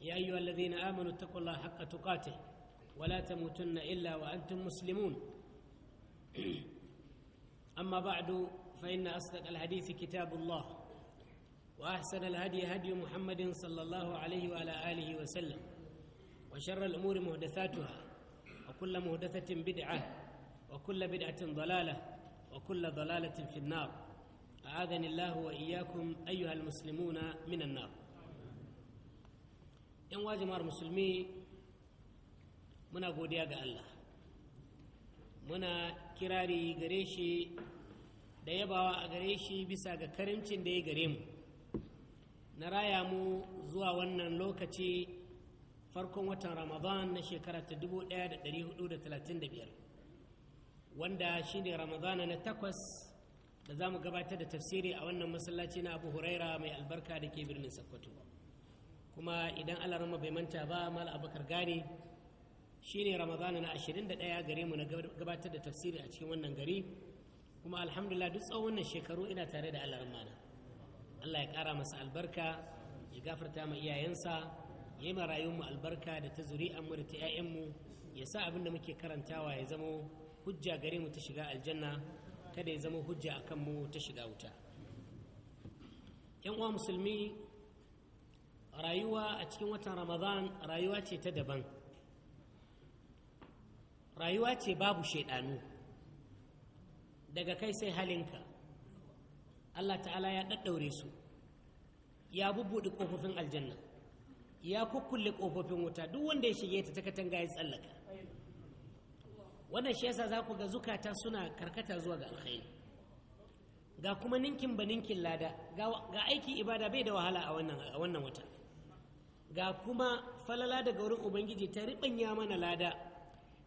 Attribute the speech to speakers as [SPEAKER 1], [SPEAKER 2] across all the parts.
[SPEAKER 1] يا أيها الذين آمنوا اتقوا الله حق تقاته ولا تموتن إلا وأنتم مسلمون أما بعد فإن أصدق الحديث كتاب الله وأحسن الهدي هدي محمد صلى الله عليه وعلى آله وسلم وشر الأمور مهدثاتها وكل مهدثة بدعة وكل بدعة ضلالة وكل ضلالة في النار أعاذني الله وإياكم أيها المسلمون من النار yan jama'ar musulmi muna godiya ga Allah muna kirari gare shi da yabawa a gare shi bisa ga karimcin da ya gare mu na raya mu zuwa wannan lokaci farkon watan ramadan na shekara ta 1435 wanda shine ramadana na takwas da za mu gabatar da tafsiri a wannan masallaci na abu huraira mai albarka da ke birnin sokoto kuma idan alarma bai manta ba mal abakar gane ne ramadana na 21 gare mu na gabatar da tafsiri a cikin wannan gari kuma alhamdulillah duk tsawon wannan shekaru ina tare da alarma na Allah ya kara masa albarka ya gafarta ma iyayensa ya yi ma mu albarka da ta zuri'anmu da ta 'ya'yanmu ya sa abin da muke karantawa ya zama hujja gare mu ta shiga aljanna kada ya zama hujja a kanmu ta shiga wuta yan uwa musulmi rayuwa a cikin watan ramadan rayuwa ce ta daban rayuwa ce babu shaidanu daga kai sai halinka allah ta'ala ya ɗaɗɗaure su ya bubbuɗe ƙofofin aljanna ya kukkulle ƙofofin wuta duk wanda ya shige ta ta katanga ya tsallaka wannan shi yasa za ku ga zukata suna karkata zuwa ga alkhairi ga kuma ninkin ba ninkin lada ga aiki ibada bai da wahala a wannan wata ga kuma falala daga wurin ubangiji ta riɓanya mana lada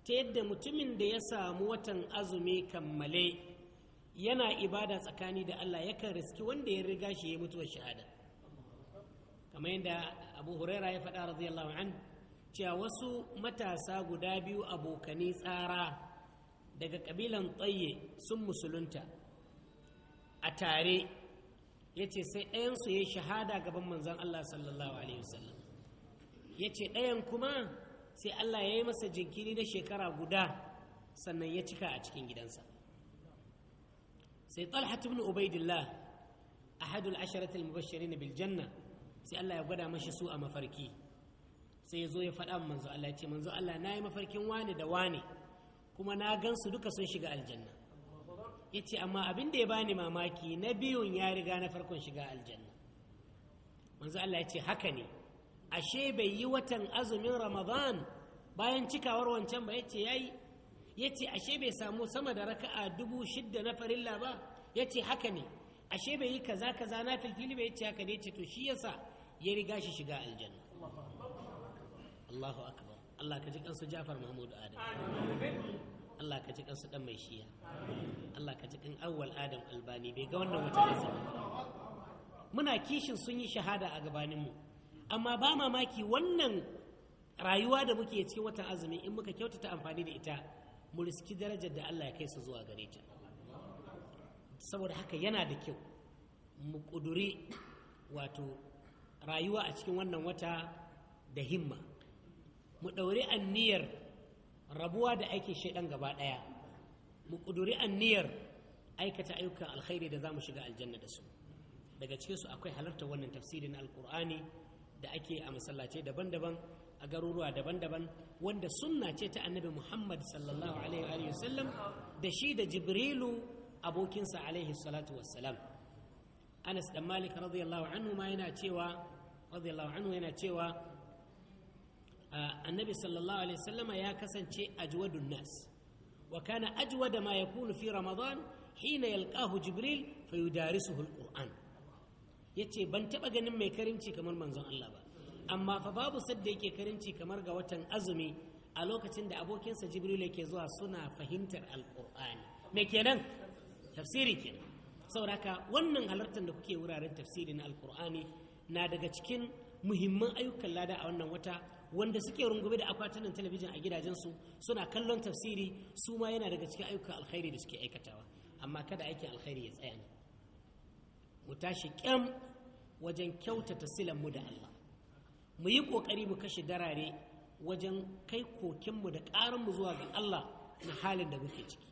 [SPEAKER 1] ta yadda mutumin da ya samu watan azumi kammale yana ibada tsakani da Allah yakan riski wanda ya riga shi ya mutuwa shahada kamar yadda abu huraira ya faɗa radiyallahu an cewa wasu matasa guda biyu abokani tsara daga kabilan tsaye sun musulunta a tare ya ce sai ɗayansu ya yi shahada gaban manzan. Allah sallallahu alaihi wasallam ya ce ɗayan kuma sai allah ya yi masa jinkiri na shekara guda sannan ya cika a cikin gidansa sai talha ibn ubaidillah ahadul asharatul mubashirin bil janna sai allah ya gwada mashi su a mafarki sai ya zo ya faɗa manzo allah ya ce manzo allah na yi mafarkin wane da wane kuma na su duka sun shiga aljanna ya ce amma abin da ya bani mamaki na biyun ya riga na farkon shiga aljanna manzo Allah ya ce haka ne ashe bai yi watan azumin ramadan bayan cikawar wancan ba ya ce ya yi ya ce ashe bai samu sama da raka'a dubu shidda na farilla ba ya ce haka ne ashe bai yi kaza kaza na filfili bai ce haka ne ce to shi yasa ya riga shi shiga aljanna Allahu akbar Allah ka ji kansu Jafar Mahmud Adam Allah ka ji kansu dan mai shiya Allah ka ji kan awwal Adam Albani bai ga wannan wata muna kishin sun yi shahada a gabaninmu mu amma ba mamaki wannan rayuwa da muke cikin watan azumi in muka kyautata amfani da ita mu riski darajar da Allah ya kai su zuwa gare ta saboda haka yana da kyau mu ƙuduri wato rayuwa a cikin wannan wata da himma mu ɗauri anniyar rabuwa da aikin shaidan gaba ɗaya mu ƙuduri anniyar aikata ayyukan alkhairi da za mu shiga aljanna da su daga cikinsu akwai halartar wannan tafsirin alkur'ani da ake a masallace daban-daban a garuruwa daban-daban wanda sunna ce ta annabi muhammad sallallahu alaihi da shi da jibrilu abokinsa alaihi salatu wassalam anas dan malik radiyallahu anhu ma yana cewa radiyallahu anhu yana cewa annabi sallallahu alaihi wasallam ya kasance ajwadun nas wa kana ajwada ma yakunu fi ramadan hina yalqahu jibril fayudarisuhu alquran ya ce ban taɓa ganin mai karimci kamar manzon Allah ba amma fa babu sadda yake karimci kamar ga watan azumi a lokacin da abokinsa jibril yake zuwa suna fahimtar alƙur'ani me kenan tafsiri kenan sauraka wannan halartar da kuke wuraren tafsiri tafsirin alƙur'ani na daga cikin muhimman ayyukan lada a wannan wata wanda suke rungume da akwatunan talabijin a gidajensu suna kallon tafsiri su ma yana daga cikin ayyukan alkhairi da suke aikatawa amma kada aikin alkhairi ya tsaya ne mu tashi kyan wajen kyautata silanmu da Allah mu yi ƙoƙari mu kashe darare wajen kai kokenmu da ƙaranmu zuwa ga Allah na halin da muke ciki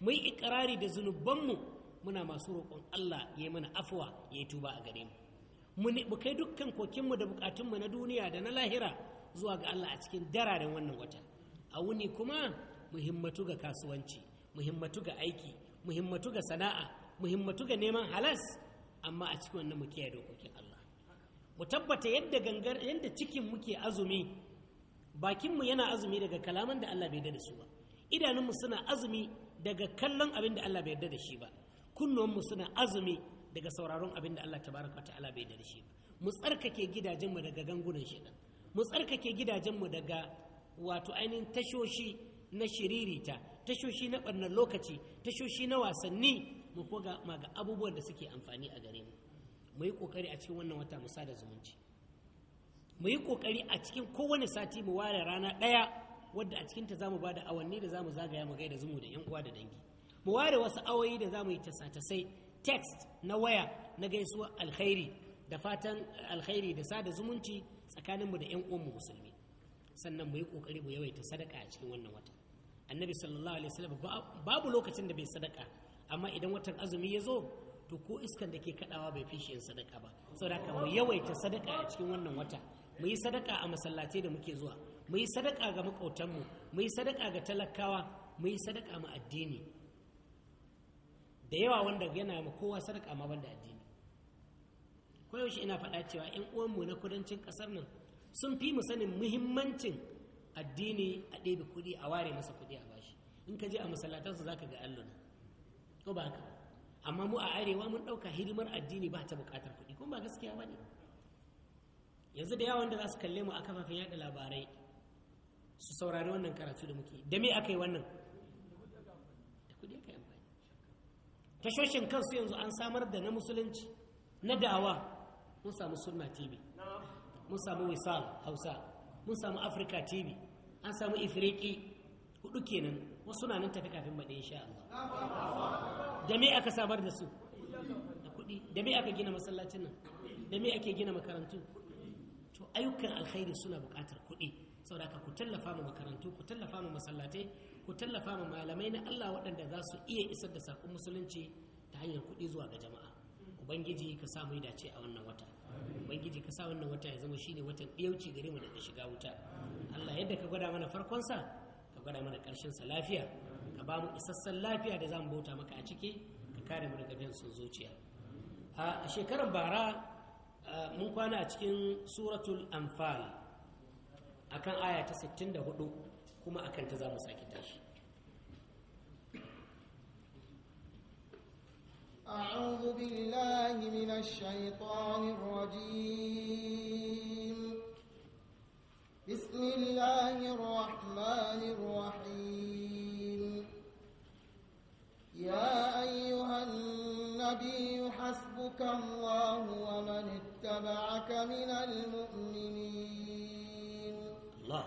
[SPEAKER 1] mu yi ikirari da zunubanmu muna masu roƙon Allah ya yi mana afuwa ya yi tuba a gare mu mu kai dukkan kokenmu da buƙatunmu na duniya da na lahira zuwa ga Allah a cikin dararen wannan wata a wuni kuma muhimmatu ga kasuwanci muhimmatu ga aiki muhimmatu ga sana'a muhimmatu ga neman halas amma a cikin wannan mu kiyaye dokokin Allah mu tabbata yadda gangar yadda cikin muke azumi bakin mu yana azumi daga kalaman da Allah bai yarda da su ba idanun mu suna azumi daga kallon abin da Allah bai yarda da shi ba kunnuwan mu suna azumi daga sauraron abin da Allah tabaraka wa ta'ala bai yarda da shi ba mu tsarkake gidajen mu daga gangunan shaitan mu tsarkake gidajen mu daga wato ainihin tashoshi na shiririta tashoshi na barnar lokaci tashoshi na wasanni mu koga ma ga abubuwan da suke amfani a gare mu mu yi kokari a cikin wannan wata mu sada zumunci mu yi kokari a cikin kowane sati mu ware rana ɗaya wadda a cikinta za mu ba da awanni da za mu zagaya mu gaida zumu da yan uwa da dangi mu ware wasu awoyi da za mu yi tasatasai sai text na waya na gaisuwa alkhairi da fatan alkhairi da sada zumunci tsakaninmu da 'yan uwanmu musulmi sannan mu yi ƙoƙari mu yawaita sadaka a cikin wannan wata annabi sallallahu alaihi wasallam babu lokacin da bai sadaka amma idan watan azumi ya zo to ko iskan da ke kadawa bai fi shi sadaka ba saboda haka mu yawaita sadaka a cikin wannan wata mu yi sadaka a masallatai da muke zuwa mu yi sadaka ga makautanmu mu yi sadaka ga talakawa mu yi sadaka ma addini da yawa wanda yana ma kowa sadaka ma banda addini koyaushe ina faɗa cewa 'yan uwanmu na kudancin ƙasar nan sun fi mu sanin muhimmancin addini a ɗebe kuɗi a ware masa kuɗi a bashi in ka je a masallatansu za ka ga allon ko ba haka amma mu a arewa mun ɗauka hidimar addini ba ta buƙatar kuɗi kuma ba gaskiya ba ne yanzu da yawon da za su kalle mu a kafafen yaɗa labarai su saurari wannan karatu da muke da me aka yi wannan da kuɗi aka yi amfani tashoshin kansu yanzu an samar da na musulunci na dawa mun samu sunna tv mun samu wisal hausa mun samu africa tv an samu ifiriki hudu kenan wasu na nan tafi kafin baɗe insha
[SPEAKER 2] Allah
[SPEAKER 1] da me aka samar da su da kuɗi da me aka gina masallacin nan da me ake gina makarantu to ayyukan alkhairi suna buƙatar kuɗi saboda ka ku tallafa ma makarantu ku tallafa ma masallatai ku tallafa ma malamai na Allah waɗanda za su iya isar da sakon musulunci ta hanyar kuɗi zuwa ga jama'a ubangiji ka sa mu dace a wannan wata ubangiji ka sa wannan wata ya zama shine watan ɗiyauci gare mu ta shiga wuta Allah yadda ka gwada mana farkon sa ka gwada mana ƙarshen sa lafiya ka ba mu isassan lafiya da za mu bauta maka a ciki ka kare mu daga bin sun zuciya a shekarar bara mun kwana a cikin suratul amfal akan aya ta 64 kuma akan ta za mu sake tashi
[SPEAKER 3] أعوذ بالله من الشيطان الرجيم بسم الله الرحمن الرحيم يا أيها النبي حسبك الله ومن اتبعك من المؤمنين
[SPEAKER 2] الله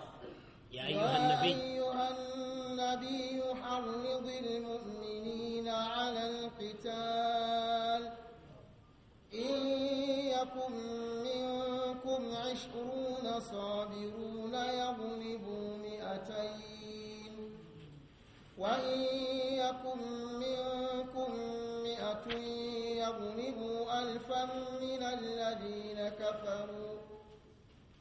[SPEAKER 2] يا أيها النبي يا أيها
[SPEAKER 3] النبي حرض المؤمنين على القتال إن يكن منكم عشرون صابرون يغلبون وإن يكن منكم مئة يغلبوا ألفا من الذين كفروا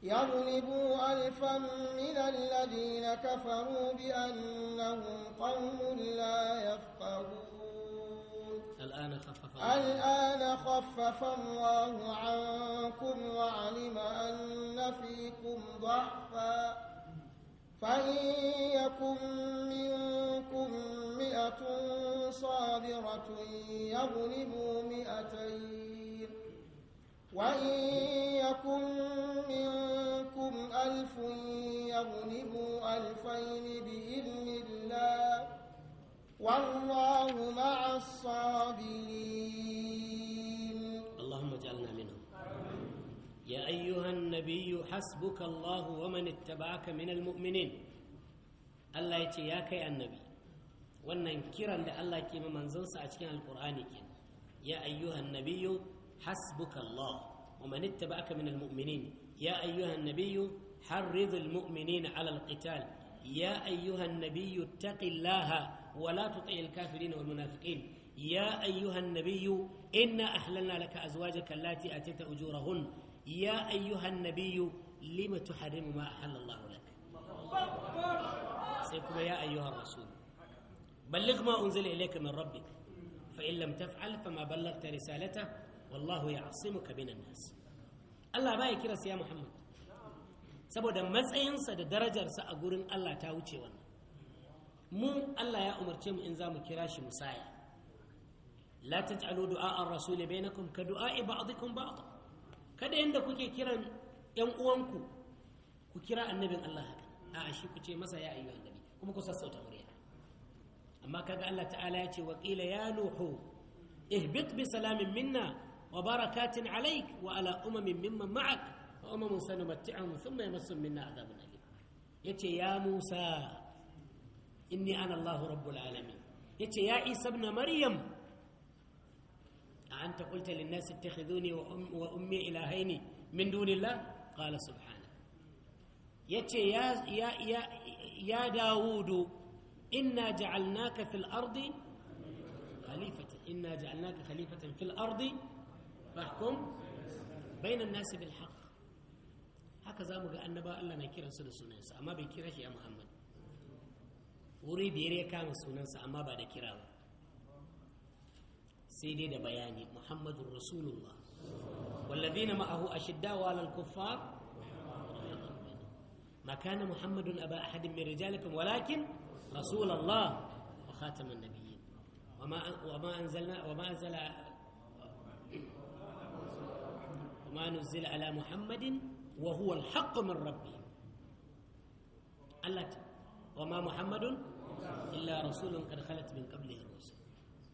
[SPEAKER 3] يغلبوا ألفا من الذين كفروا بأنهم قوم لا يفقهون
[SPEAKER 1] الآن خفف الله,
[SPEAKER 3] الآن خفف الله عنكم وعلم أن فيكم ضعفا فإن يكن منكم مئة صابرة يغلبوا مئتين وإن يكن منكم ألف يغلبوا ألفين بإذن الله والله مع الصابرين
[SPEAKER 1] يا أيها النبي حسبك الله ومن اتبعك من المؤمنين الله يتي يا كي النبي wannan kiran da Allah ke ma manzonsa a cikin alkur'ani ke ya ayyuhan nabiyyu hasbuka Allah wa man ittaba'aka min almu'minin ya ayyuhan nabiyyu harridul mu'minina 'ala alqital ya ayyuhan nabiyyu taqillaha wa la tuti'il kafirin wal munafiqin ya ayyuhan nabiyyu inna ahlalna laka azwajaka allati atayta ujurahun يا أيها النبي لم تحرم ما أحل الله لك
[SPEAKER 2] سيكون يا أيها
[SPEAKER 1] الرسول بلغ ما أنزل إليك من ربك فإن لم تفعل فما بلغت رسالته والله يعصمك من الناس Allah baya kira ya Muhammad saboda matsayinsa da darajarsa a gurin Allah ta wucewa wannan mu Allah ya umarce mu in za mu kira shi musaya la taj'alu du'a ar-rasul bainakum ka ba ba'dikum ba. kada yanda kuke kiran yan uwanku ku kira annabin Allah haka a shi ku ce masa ya ayyu annabi kuma ku sassauta murya amma kaga Allah ta'ala ya ce wa qila ya nuhu ihbit bi salamin minna wa barakatin alayk wa ala umamin mimman ma'ak wa umamun sanumatti'ahum thumma yamassum minna adhabun alim yace ya Musa inni ana Allah rabbul alamin yace ya Isa ibn Maryam a anta qulta lin nasi ittakhiduni wa ummi ilahaini min dunillah qala subhana yace ya ya ya ya dawudu fil ardi khalifatan inna ja'alnaka khalifatan fil ardi fahkum bainan nasi bil haqq haka zamu ga annaba Allah na kiransu da sunansa amma bai kira shi ya Muhammad wuri biyar ya kama sunansa amma ba da kira ba سيدي بياني محمد رسول الله والذين معه أشداء على الكفار ما كان محمد أبا أحد من رجالكم ولكن رسول الله وخاتم النبيين وما وما أنزلنا وما أنزل وما نزل على محمد وهو الحق من ربه الله وما محمد إلا رسول قد خلت من قبله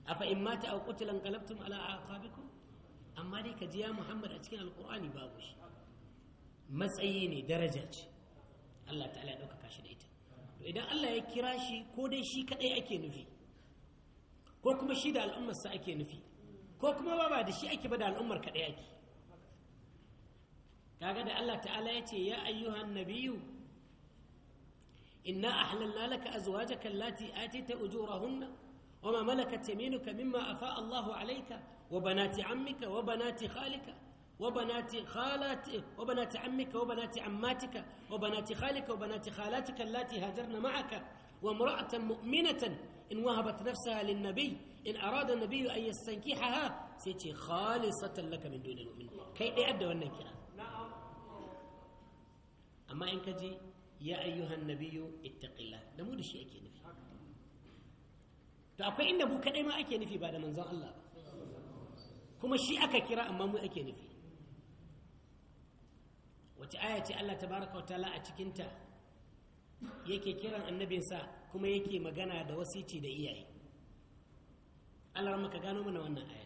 [SPEAKER 1] afa in mata a qutila qalabtum ala aqabikum amma dai ka ji ya muhammad a cikin alkurani babu shi matsayi ne daraja ce Allah ta'ala ya ɗaukaka shi da ita to idan Allah ya kira shi ko dai shi kadai ake nufi ko kuma shi da al'ummarsa ake nufi ko kuma ba da shi ake ba da al'ummar kaɗai ake kaga da Allah ta'ala ya ce ya ayyuhan nabiyu inna ahlalna laka azwajaka allati atita ujurahunna وما ملكت يمينك مما أفاء الله عليك وبنات عمك وبنات خالك وبنات خالات وبنات عمك وبنات عماتك وبنات خالك وبنات خالاتك اللاتي هاجرن معك وامرأة مؤمنة إن وهبت نفسها للنبي إن أراد النبي أن يستنكحها سيتي خالصة لك من دون المؤمنين كي أدى والنكرة أما إن كجي يا أيها النبي اتق الله نمود الشيء كنا to akwai inda mu kadai ma ake nufi ba da manzon Allah kuma shi aka kira amma mu ake nufi wace aya ce Allah tabaraka wa ta'ala a cikin ta yake kiran annabinsa kuma yake magana da wasici da iyaye Allah ramaka gano mana wannan aya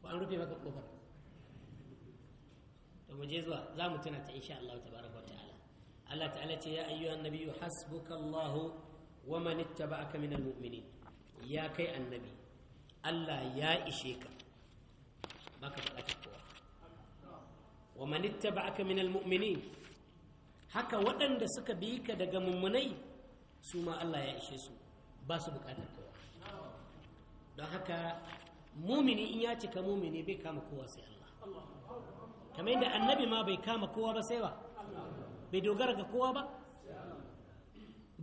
[SPEAKER 1] ko an rufe maka kofar to mu je zuwa za mu tuna ta insha Allah tabaraka Allah ta'ala ce ya ayyuhan nabiyyu hasbukallahu wa man ittaba'aka minal mu'minin ya kai annabi Allah ya ishe ka baka bukatar kowa wa man ittaba'aka minal mu'minin haka waɗanda suka bi ka daga mummunai su ma Allah ya ishe su ba su bukatar kowa don haka mumini in ya cika mumini bai kama kowa sai
[SPEAKER 2] Allah kamar yadda annabi
[SPEAKER 1] ma bai kama kowa ba sai ba bai dogara ga kowa ba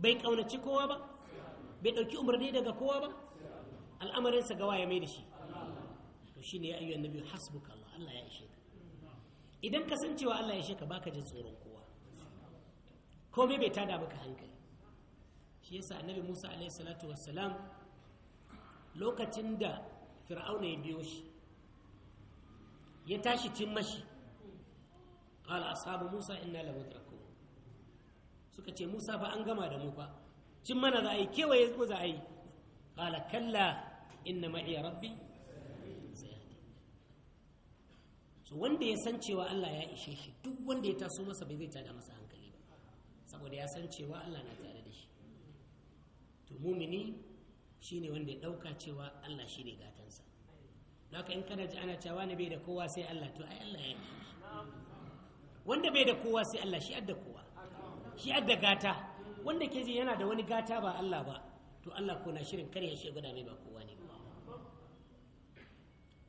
[SPEAKER 1] bai kaunaci kowa ba bai ɗauki umarni daga kowa ba al'amarinsa gawa ya mai da shi to shine ya ayyuan nabi hasbuka Allah Allah ya ishe ka idan ka san cewa Allah ya ishe ka baka jin tsoron kowa komai bai tada maka hankali shi yasa annabi Musa alaihi salatu wassalam lokacin da fir'auna ya biyo shi ya tashi cin mashi qala ashabu Musa inna la mudrak suka ce musa fa an gama da mu fa cin mana za a yi kewaye ko za a yi qala kalla inna ma'iya rabbi so wanda ya san cewa Allah ya ishe shi duk wanda ya taso masa bai zai tada masa hankali ba saboda ya san cewa Allah na tare da shi to mumini shine wanda ya dauka cewa Allah shine gatansa Naka in kana ji ana cewa ne bai da kowa sai Allah to ai Allah ya wanda bai da kowa sai Allah shi adda kowa shi adda gata wanda ke ji yana da wani gata ba Allah ba to Allah ko na shirin kar ya shi guda mai ba kowa ne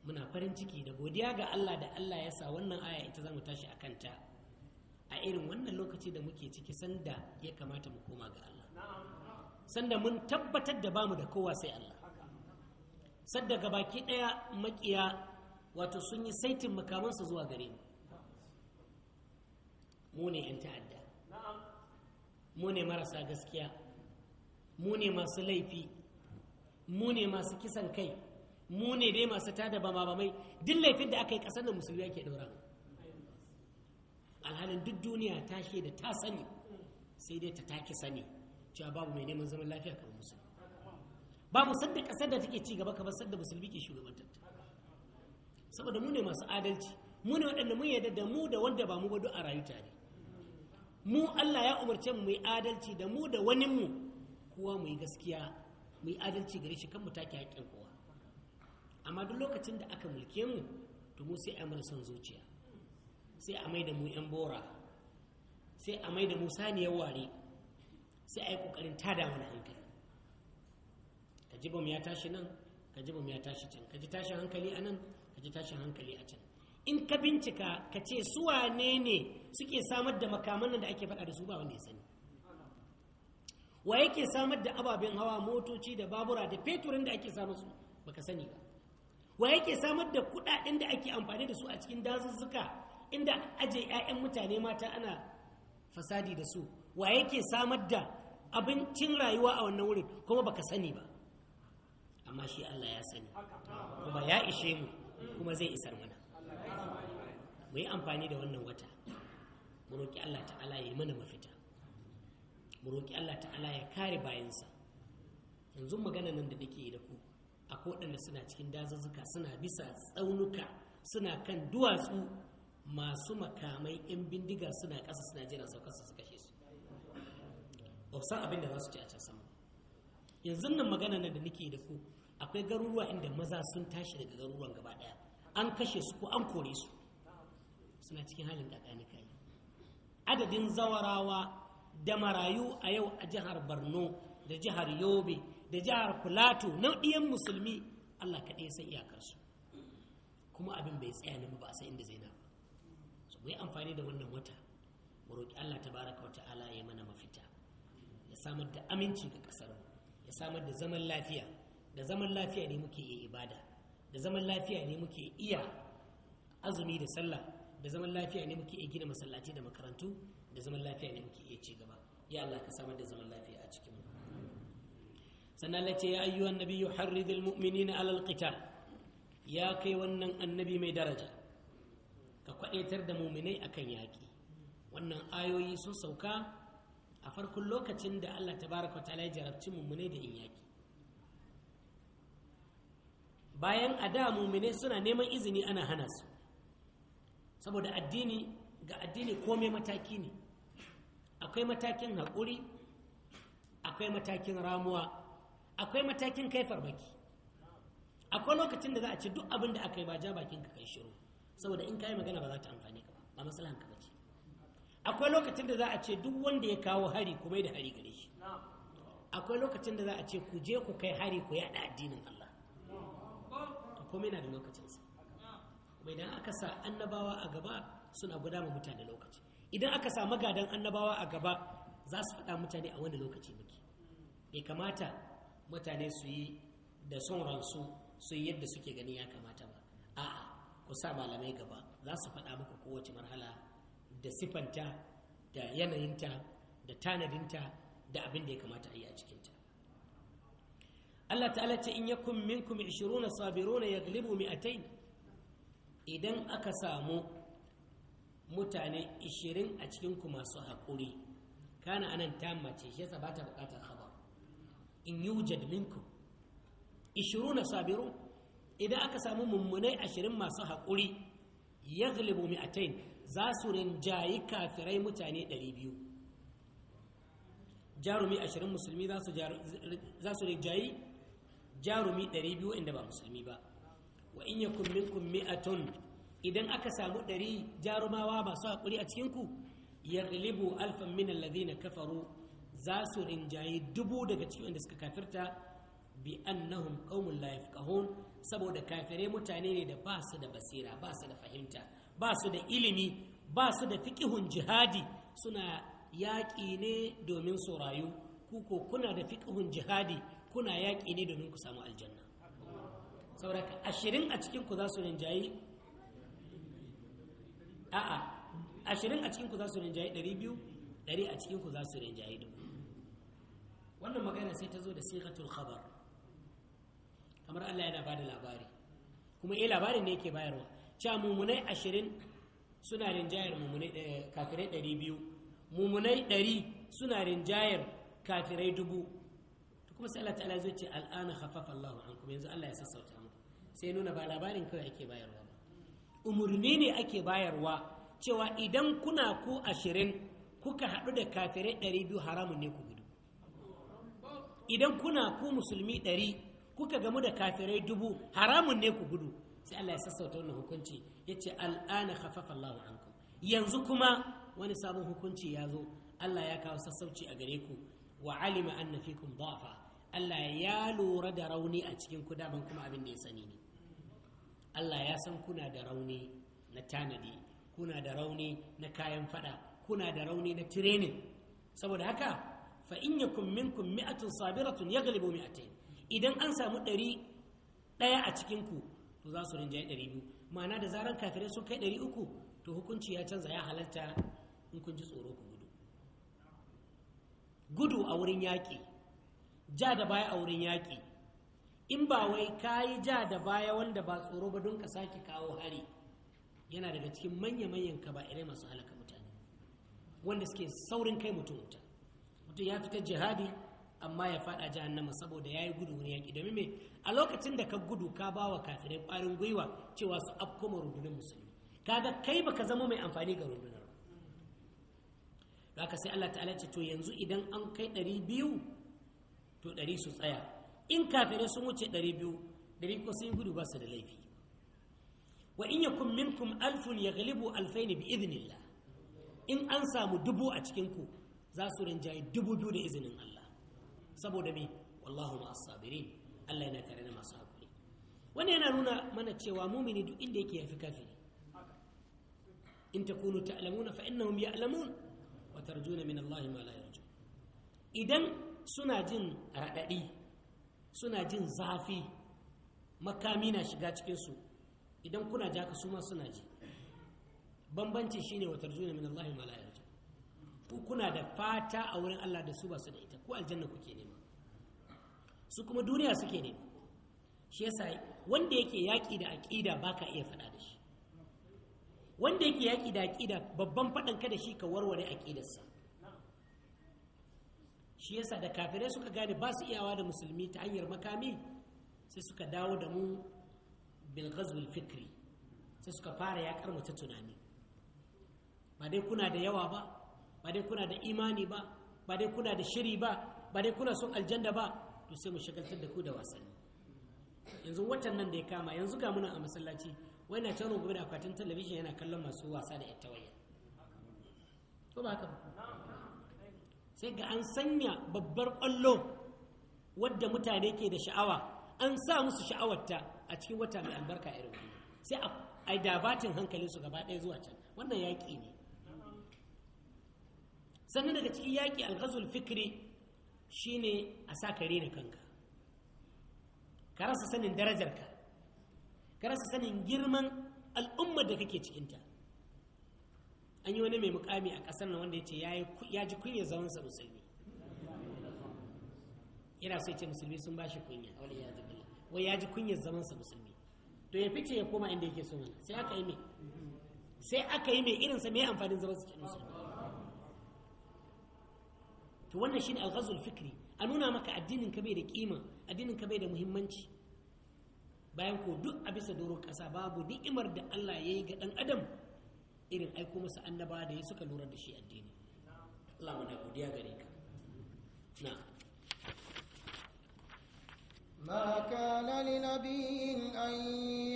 [SPEAKER 1] muna farin ciki da godiya ga Allah da Allah ya sa wannan aya ita zamu tashi a kanta a irin wannan lokaci da muke ciki sanda ya kamata mu koma ga Allah sanda mun tabbatar da bamu da kowa sai Allah ga baki daya makiya wato sun yi saitin makamansu zuwa gare mu mu ne 'yan ta'adda mu ne marasa gaskiya mu ne masu laifi mu ne masu kisan kai mu ne dai masu tada mai duk laifin da aka yi kasar da musulmi ake daura alhalin duk duniya ta shi da ta sani sai dai ta taki sani cewa babu mai neman zaman lafiya kamar musulmi babu sadda kasar da take ci gaba kamar sadda musulmi ke shugabantar saboda mu ne masu adalci mu ne waɗanda mun yarda da mu da wanda ba mu ba duk a rayu tare mu Allah ya umarce mu yi adalci da mu da wani mu kowa mu yi gaskiya mu yi adalci gare shi kan mu take haƙƙin kowa amma duk lokacin da aka mulke mu to mu sai a mana son zuciya sai a mai da mu yan bora sai a mai da mu saniyar ware sai a yi ƙoƙarin tada mana hankali ka ji mu ya tashi nan ka ji mu ya tashi can ka ji tashin hankali a nan ka ji tashin hankali a can in ka bincika ka ce su wane ne suke samar da makaman da ake faɗa da su ba wanda ya sani wa yake samar da ababen hawa motoci da babura da feturin da ake samu su baka sani ba wa yake samar da kuɗaɗen da ake amfani da su a cikin dazuzzuka inda aje 'ya'yan mutane mata ana fasadi da su wa yake samar da abincin rayuwa a wannan wurin kuma baka sani ba amma shi Allah ya sani
[SPEAKER 2] kuma ya ishe mu kuma
[SPEAKER 1] zai isar mana mu yi amfani da wannan wata mu roƙi Allah ta'ala ya yi mana mafita mu roƙi Allah ta'ala ya kare bayansa yanzu magana nan da nake da ku a waɗanda suna cikin dazuzzuka suna bisa tsaunuka suna kan duwatsu masu makamai 'yan bindiga suna ƙasa suna jiran saukarsa su kashe su ba abin da za su ci a can sama yanzu nan magana nan da nake da ku akwai garuruwa inda maza sun tashi daga garuruwan gaba ɗaya an kashe su ko an kore su suna cikin halin kakani kayi adadin zawarawa da marayu a yau a jihar borno da jihar yobe da jihar plateau nau'iyan musulmi allah kaɗai san iyakarsu kuma abin bai tsaya nan ba sai inda zai na ba so mu yi amfani da wannan wata mu roƙi allah ta baraka wata ala ya mana mafita ya samar da aminci ga ƙasar ya samar da zaman lafiya da zaman lafiya ne muke iya ibada da zaman lafiya ne muke iya azumi da sallah da zaman lafiya ne muke iya gina masallaci da makarantu da zaman lafiya ne muke iya ci gaba ya Allah ka samar da zaman lafiya a cikin mu sannan lace ya ayyuhan har harridil mu'minina alal qital ya kai wannan annabi mai daraja ka kwaitar da mu'minai akan yaki wannan ayoyi sun sauka a farkon lokacin da Allah tabaraka wa ta'ala ya jarabci mu'minai da in yaki bayan a da mu'minai suna neman izini ana hana su saboda addini ga addini komai mataki ne akwai matakin haƙuri akwai matakin ramuwa akwai matakin kai farmaki akwai lokacin da za a ce duk abin da aka yi ba ja bakin ka kai shiru saboda in ka yi magana ba za ta amfani ka ba maslahan ka bace akwai lokacin da za a ce duk wanda ya kawo hari ku mai da hari gare shi akwai lokacin da za a ce ku je ku kai hari ku yaɗa addinin Allah komai na da lokacin Mai idan aka sa annabawa a gaba suna guda ma mutane lokaci idan aka sa magadan annabawa a gaba za su faɗa mutane a wani lokaci muke bai kamata mutane su yi da son ransu su yi yadda suke gani ya kamata ba a'a ku sa malamai gaba za su faɗa muku kowace marhala da sifanta da yanayinta da tanadinta da abin da ya kamata a yi a cikinta Allah ta'ala ce in yakun minkum 20 sabiruna yaglibu mi'atayn idan aka samu mutane 20 a cikinku masu haƙuri kana anan tamma ce shi yasa ba ta bukatar haba in yujad minku 20 sabiru idan aka samu mummunai 20 masu haƙuri ya galibu mi'atain za su rinjayi kafirai mutane 200 jarumi 20 musulmi za su rinjayi jarumi 200 inda ba musulmi ba wa in yakun minkum mi'atun idan aka samu ɗari jarumawa masu haƙuri a cikinku ku ghalibu alfan min alladhina kafaru za su rinjaye dubu daga cikin wanda suka kafirta bi annahum qaumun la yafqahun saboda kafire mutane ne da ba su da basira ba su da fahimta ba su da ilimi ba su da fiƙihun jihadi suna yaƙi ne domin su rayu ku ko kuna da fiƙihun jihadi kuna yaƙi ne domin ku samu aljanna sauraka ashirin a cikin ku za su rinjayi a ashirin a cikin ku za su rinjaye ɗari biyu ɗari a cikin ku za su rinjaye dubu wannan magana sai ta zo da sigatul khabar kamar Allah yana ba da labari kuma eh labarin ne yake bayarwa cewa mumunai ashirin suna rinjayar mumunai eh, kafirai ɗari biyu mumunai ɗari suna rinjayar kafirai dubu kuma sai Allah ta'ala zai ce al'ana khaffafa Allahu ankum yanzu Allah ya sassauta sai nuna ba labarin kawai ake bayarwa ba umarni ne ake bayarwa cewa idan kuna ku ashirin kuka haɗu da kafirai ɗari biyu haramun ne ku gudu idan kuna ku musulmi ɗari kuka gamu da kafirai dubu haramun ne ku gudu sai Allah ya sassauta wannan hukunci ya ce al'ana hafafa Allahu anku yanzu kuma wani sabon hukunci ya zo Allah ya kawo sassauci a gare ku wa alima anna fikum da'fa Allah ya lura da rauni a cikin ku daban kuma abin da ya sani ne Allah ya san kuna da rauni na tanadi kuna da rauni na kayan fada kuna da rauni na training saboda haka fa in yakum minkum mi'atun sabiratun yaghlibu mi'atayn idan an samu ɗari ɗaya a cikin ku to za su rinjaye ɗari biyu ma'ana da zaran kafirai sun kai ɗari uku to hukunci ya canza ya halarta in kun ji tsoro ku gudu gudu a wurin yaƙi ja da baya a wurin yaƙi in ba wai ka yi ja da baya wanda ba tsoro ba don ka sake kawo hari yana daga cikin manya-manyan kaba'irai masu halaka mutane wanda suke saurin kai mutum wuta mutum ya fita jihadi amma ya fada jahannama saboda ya yi gudu wani yaƙi domin mai. a lokacin da ka gudu ka ba wa kafirai ƙwarin gwiwa cewa su afkoma rundunar musulmi ga kai ba ka zama mai amfani ga rundunar ba ka sai Allah ta'ala ce to yanzu idan an kai ɗari biyu to ɗari su tsaya in kafirai sun wuce 200 dari ko sun gudu ba su da laifi wa in yakun minkum alfun yaghlibu alfain bi idhnillah in an samu dubu a cikin ku za su rinjaye dubu biyu da izinin Allah saboda me wallahu ma'as Allah yana tare da masu haƙuri. Wani yana nuna mana cewa mumini duk inda yake yafi kafiri in takunu ta'lamuna fa innahum ya'lamun wa tarjuna min Allah ma la yarjun idan suna jin raɗaɗi. suna jin zafi makami na shiga cikinsu idan kuna ja ka suma suna ji bambanci shine wa tarjuna min Allah ku kuna da fata a wurin Allah da su ba su da ita ku aljanna kuke nema su kuma duniya suke nema shi yasa wanda yake yaki da aqida baka iya fada da shi wanda yake yaki da aqida babban fadan ka da shi ka warware aqidarsa shi yasa da kafirai suka gane ba su iyawa da musulmi ta hanyar makami sai suka dawo da mu bil ghazwil fikri sai suka fara yakar mu ta tunani ba dai kuna da yawa ba ba dai kuna da imani ba ba dai kuna da shiri ba ba dai kuna son aljanda ba to sai mu shagaltar da ku da wasanni yanzu watan nan da ya kama yanzu ga muna a masallaci wani na canon gobe da akwatin talabijin yana kallon masu wasa da ita waya ko ba haka ba sai ga an sanya babbar ƙwallo wadda mutane ke da sha'awa an sa musu sha'awarta a cikin wata mai albarka irin wannan sai a dabatin su gaba ɗaya zuwa can wannan yaƙi ne sannan daga cikin yaƙi alghazul fikri shine a sa kare na kanka ka rasa sanin darajarka ka rasa sanin girman al'ummar da kake cikinta an yi wani mai mukami a ƙasar nan wanda ya ce ya ji kunyar zaman sa musulmi yana so ya ce musulmi sun ba shi kunya wani ya ji kunya wai ya ji kunyar zaman sa musulmi to ya fice ya koma inda yake so sai aka yi mai sai aka yi mai irin sa mai amfanin zaman sa musulmi to wannan shine al-ghazul fikri a nuna maka addinin ka bai da kima addinin ka bai da muhimmanci bayan ko duk a bisa doron kasa babu ni'imar da Allah ya yi ga dan adam irin aiko musu annaba da ya suka lura da shi addini Allah mu da godiya gare
[SPEAKER 2] ka
[SPEAKER 3] na ما كان لنبي أن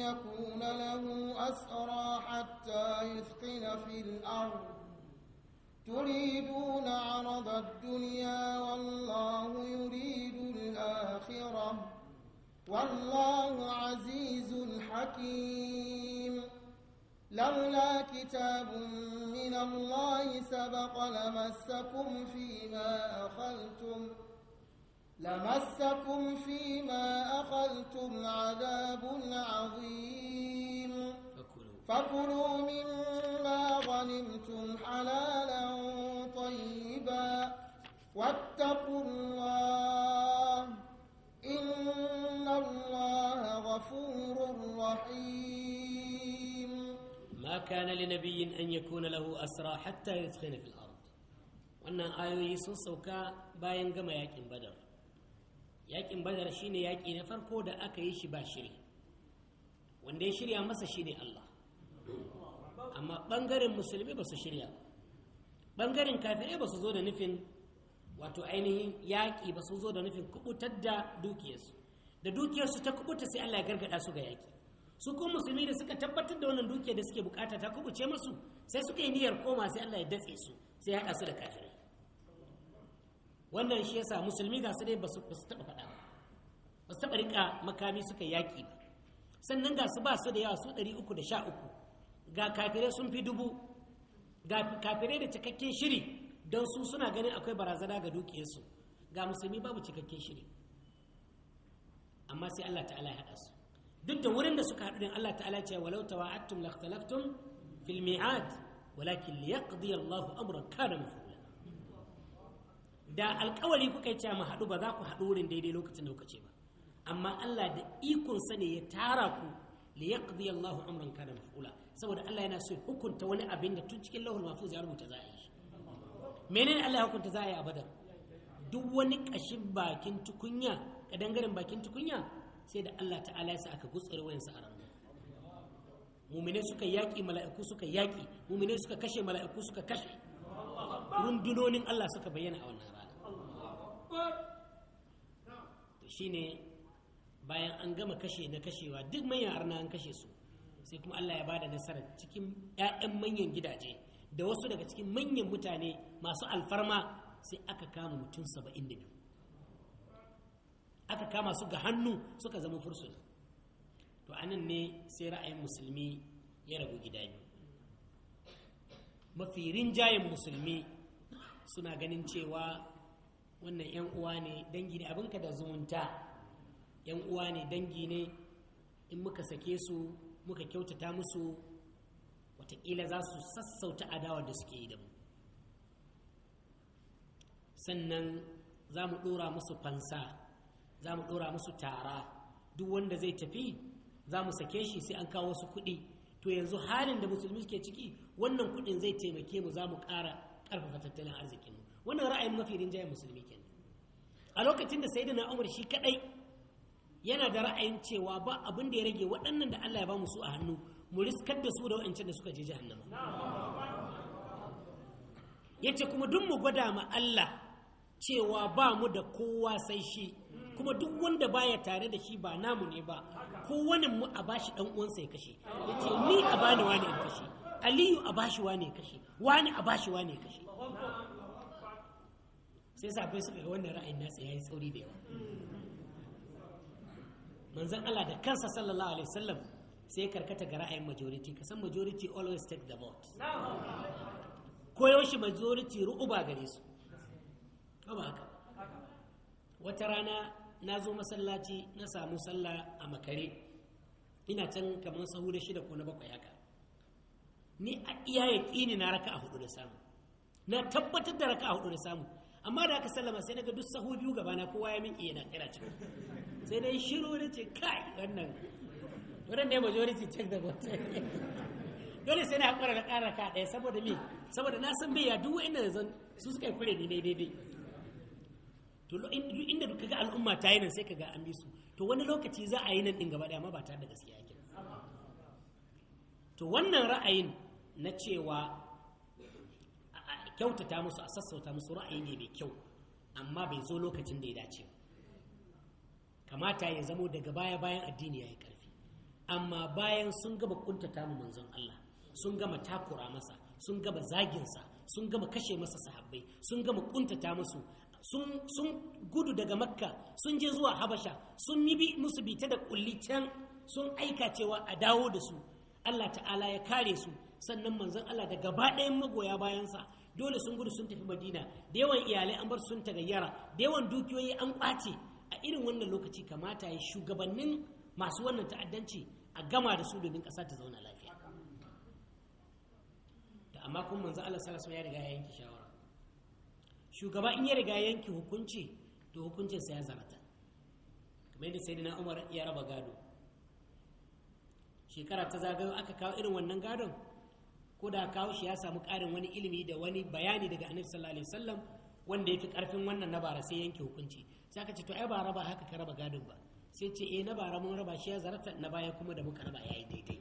[SPEAKER 3] يكون له أسرى حتى يثقل في الأرض تريدون عرض الدنيا والله يريد الآخرة والله عزيز حكيم
[SPEAKER 2] لولا
[SPEAKER 3] كتاب من الله سبق لمسكم فيما أخذتم لمسكم فيما أخذتم عذاب عظيم فكلوا, مما غنمتم حلالا طيبا واتقوا الله إن الله غفور رحيم
[SPEAKER 1] كان لنبي أن يكون له أسرى حتى يثخن في الأرض wannan ayoyi sun sauka bayan gama yakin badar yakin badar shine yaki na farko da aka yi shi ba shiri wanda ya shirya masa shine Allah amma bangaren musulmi ba su shirya bangaren kafirai ba su zo da nufin wato ainihin yaƙi ba su zo da nufin kubutar da dukiyarsu da dukiyarsu ta kubuta sai Allah ya gargada su ga yaƙi su kuma musulmi da suka tabbatar da wannan dukiya da suke bukata ta kubuce musu sai suka yi niyyar koma sai Allah ya datse su sai ya kasu da kafirai wannan shi yasa musulmi ga su dai ba su taɓa faɗa ba ba su taɓa riƙa makami suka yaki ba sannan ga su ba su da yawa su ɗari uku da sha uku ga kafirai sun fi dubu ga kafirai da cikakken shiri don su suna ganin akwai barazana ga dukiyarsu ga musulmi babu cikakken shiri amma sai Allah ta'ala ya haɗa su duk da wurin da suka haɗu din Allah ta'ala ce walau tawa'attum lakhtalaftum fil mi'ad walakin liyaqdi Allahu amran kana mafula da alƙawari kuka yi mu haɗu ba za ku haɗu wurin daidai lokacin da kuka ce ba amma Allah da ikon sa ne ya tara ku liyaqdi Allahu amran kana mafula saboda Allah yana so hukunta wani abin da tun cikin lauhul mahfuz ya rubuta za a yi menene Allah ya hukunta za a yi a badar duk wani ƙashin bakin tukunya dangaren bakin tukunya sai da Allah ta'ala ya sa aka gutsure wayansu a ranar mumine suka yaƙi mala'iku suka yaƙi mumine suka kashe mala'iku suka kashe rundunonin Allah suka bayyana a wannan
[SPEAKER 2] rana
[SPEAKER 1] to shine bayan an gama kashe na kashewa duk manyan arna an kashe su sai kuma Allah ya bada nasara cikin 'ya'yan manyan gidaje da wasu daga cikin manyan mutane masu alfarma sai aka kama mutum saba'in da biyu aka kama su ga hannu suka zama fursun. to anan ne sai ra'ayin musulmi ya ragu gida biyu mafi rinjayen musulmi suna ganin cewa wannan 'yan uwa ne dangi ne abinka da zumunta 'yan uwa ne dangi ne in muka sake su muka kyautata musu watakila za su sassauta adawar da suke yi da mu sannan za mu ɗora musu fansa za mu ɗora musu tara duk wanda zai tafi za mu sake shi sai an kawo wasu kuɗi to yanzu halin da musulmi ke ciki wannan kuɗin zai taimake mu za mu ƙara ƙarfafa tattalin arzikinmu wannan ra'ayin mafi rinjayen musulmi ke a lokacin da sayyidina umar shi kaɗai, yana da ra'ayin cewa ba abin da ya rage waɗannan da Allah ya ba mu su a hannu mu riskar da su da waɗancan da suka je jahannama yace kuma duk mu gwada ma Allah cewa ba mu da kowa sai shi kuma duk wanda baya tare da shi ba namu ne ba kowane mu a bashi dan uwansa ya kashe yace ni a bani wani in kashe aliyu a bashi wani ya kashe wani a bashi wani ya kashe sai bai suka ga wannan ra'ayin nasa yayi tsauri da yawa manzon Allah da kansa sallallahu alaihi wasallam sai karkata ga ra'ayin majority san majority always take the vote koyo shi majority ru'uba gare su ba haka wata rana na zo masallaci na samu sallah a makare ina can kamar sahu da shida ko na bakwai haka ni a iya ƙini na raka a hudu da samu na tabbatar da raka a hudu da samu amma da aka sallama sai ga duk sahu biyu gabana kowa ya min eh, iya na kira cikin sai dai shiru da ce kai wannan wannan ne majority check da vote dole sai na hakura da ƙara ka ɗaya saboda me saboda na san bai ya duk da zan su suka yi kure ni daidai to inda duk kaga al'umma ta yi nan sai kaga an bi su to wani lokaci za a yi nan din gaba daya amma ba tare da gaskiya yake to wannan ra'ayin na cewa a kyautata musu a sassauta musu ra'ayi ne mai kyau amma bai zo lokacin da ya dace kamata ya zamo daga baya bayan addini ya yi karfi amma bayan sun gaba kuntata mu manzon Allah sun gama takura masa sun gama zaginsa sun gama kashe masa sahabbai sun gama kuntata musu sun gudu daga makka sun je zuwa habasha sun yi musu bita da kulli can sun aika cewa a dawo da su allah ta'ala ya kare su sannan manzon allah da gaba ɗayan magoya bayansa dole sun gudu sun tafi madina da yawan iyalai an bar sun ta tagayyara da yawan dukiyoyi an ɓace, a irin wannan lokaci kamata ya shugabannin masu wannan ta'addanci a gama da su domin ƙasa ta zauna lafiya da amma kuma manzo Allah sallallahu alaihi wasallam ya riga ya yanke shawara shugaba in ya riga yanki hukunci to hukuncinsa ya zarata kamar yadda sayyidina umar ya raba gado shekara ta zagayo aka kawo irin wannan gadon ko da kawo shi ya samu ƙarin wani ilimi da wani bayani daga annabi sallallahu alaihi wasallam wanda yake ƙarfin wannan na bara sai yanke hukunci sai aka ce to ai ba ba haka ka raba gadon ba sai ce eh na bara mun raba shi ya zarata na baya kuma da muka raba yayi daidai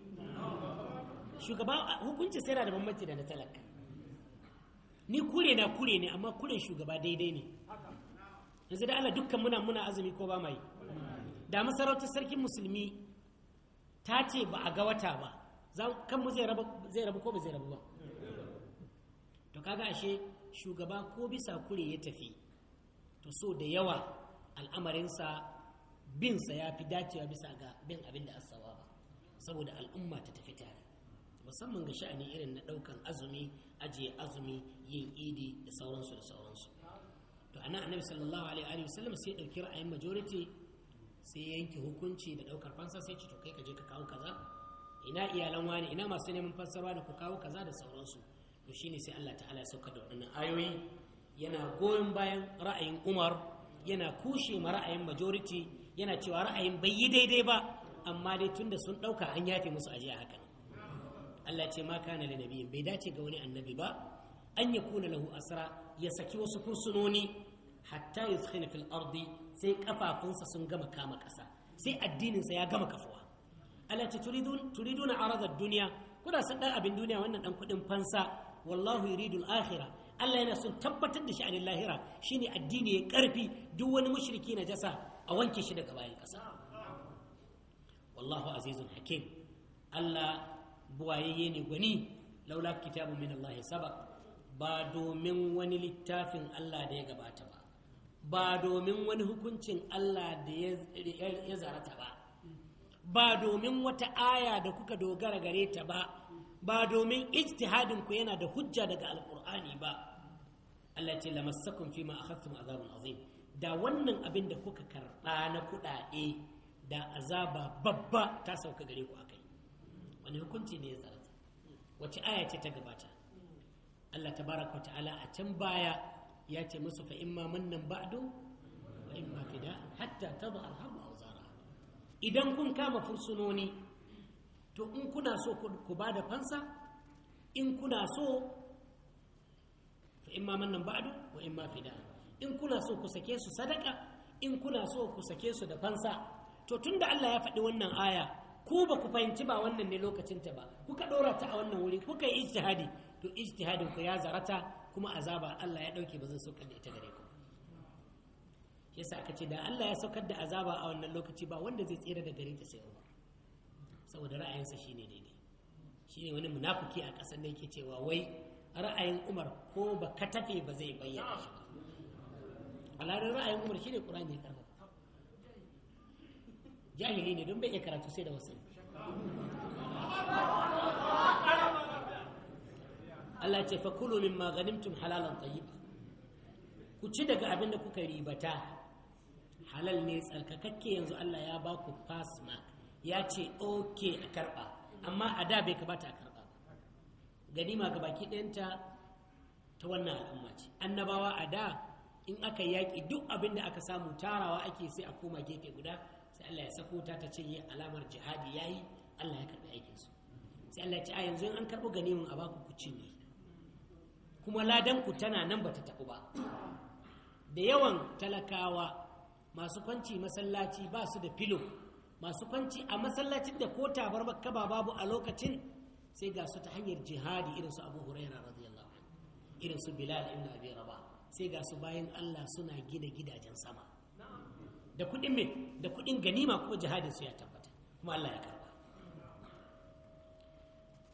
[SPEAKER 1] shugaba hukunci sai yana da bambanci da na talaka ni kure na kure ne amma kuren shugaba daidai ne yanzu da Allah dukkan muna muna azumi ko ba mai da masarautar sarkin musulmi ta ce ba a ga wata ba kan mu zai rabu ko ba zai rabu ba to kaga ashe shugaba ko bisa kure ya tafi to so da yawa al'amarinsa binsa ya fi dacewa bisa ga bin abin da asawa ba saboda al'umma ta tafi tare musamman ga sha'ani irin na ɗaukan azumi ajiye azumi yin idi da sauransu da sauransu to ana annabi sallallahu alaihi wa sallam sai ɗauki ra'ayin majority sai yanke hukunci da ɗaukar fansa sai ce to kai ka je ka kawo kaza ina iyalan wani ina masu neman fansarwa da ku kawo kaza da sauransu to shine sai Allah ta'ala ya sauka da waɗannan ayoyi yana goyon bayan ra'ayin Umar yana kushe ma ra'ayin majority yana cewa ra'ayin bai yi daidai ba amma dai tunda sun ɗauka an yafe musu ajiya hakan Allah ce ma kana li nabiyin bai dace ga wani annabi ba an ya kuna lahu asra ya saki wasu fursunoni hatta yuskhina fil ardi sai kafafunsa sun gama kama ƙasa, sai addininsa ya gama kafuwa Allah ce turidun turiduna arada duniya, kuna san dan abin duniya wannan dan kuɗin fansa wallahu yuridul akhira Allah yana son tabbatar da shi sha'anin lahira shine addini ya karfi duk wani mushriki na jasa a wanke shi daga bayan ƙasa. wallahu azizun hakim Allah buwayayye ne gwani laula kitabu min Allah sabak ba domin wani littafin Allah da ya gabata ba ba domin wani hukuncin Allah da ya zarata ba ba domin wata aya da kuka dogara gare ta ba ba domin ijtihadin ku yana da hujja daga Alkur'ani ba Allah ce lamassakum fima akhadtum azabun azim da wannan abin da kuka karɓa na kuɗaɗe da azaba babba ta sauka gare ku akai wani hukunci ne ya zarata wace aya ce ta gabata Allah Ta baraka ta'ala a can baya ya ce musu fa imma mannan ba'du wa imma fida hatta tada al aw zara idan kun kama fursunoni to in kuna so ku ba da fansa in kuna so fa imma mannan ba'du wa imma fida in kuna so ku sake su sadaka in kuna so ku sake su da fansa to tunda Allah ya faɗi wannan aya ku ba ku fahimci ba wannan ne lokacinta ba kuka ɗora ta a wannan wuri kuka yi ijtihadi to ijtihadin ku ya zarata kuma azaba Allah ya ɗauke ba zai saukar da ita gare ku yasa aka ce da Allah ya saukar da azaba a wannan lokaci ba wanda zai tsira da gare ta sai Umar saboda ra'ayinsa shine daidai shine wani munafiki a ƙasar da yake cewa wai ra'ayin Umar ko ba ka tafe ba zai bayyana shi ra'ayin Umar shine Qur'ani ya jahili ne don bai iya karatu sai da wasu Allah ce fa kulu mimma ganimtum halalan tayyiba ku ci daga abin da kuka ribata halal ne tsarkakakke yanzu Allah ya ba ku pass mark ya ce okay a karba amma a da bai kamata a karba ganima ga baki ɗayanta ta wannan al'umma ce annabawa a da in aka yaƙi duk abin da aka samu tarawa ake sai a koma gefe guda Allah ya sako ta ta cinye alamar jihadi ya yi Allah ya karbi aikin su sai Allah ya ce a yanzu an karɓo ganimin a baku ku cinye kuma ladan ku tana nan bata tafi ba da yawan talakawa masu kwanci masallaci ba su da filo masu kwanci a masallacin da ko tabar kaba ba babu a lokacin sai ga su ta hanyar jihadi irin su Abu Hurairah radiyallahu anhu irin su Bilal ibn Abi Rabah sai ga su bayan Allah suna gina gidajen sama da kuɗin me da kuɗin ganima ko jihadin su ya tabbata kuma Allah ya karba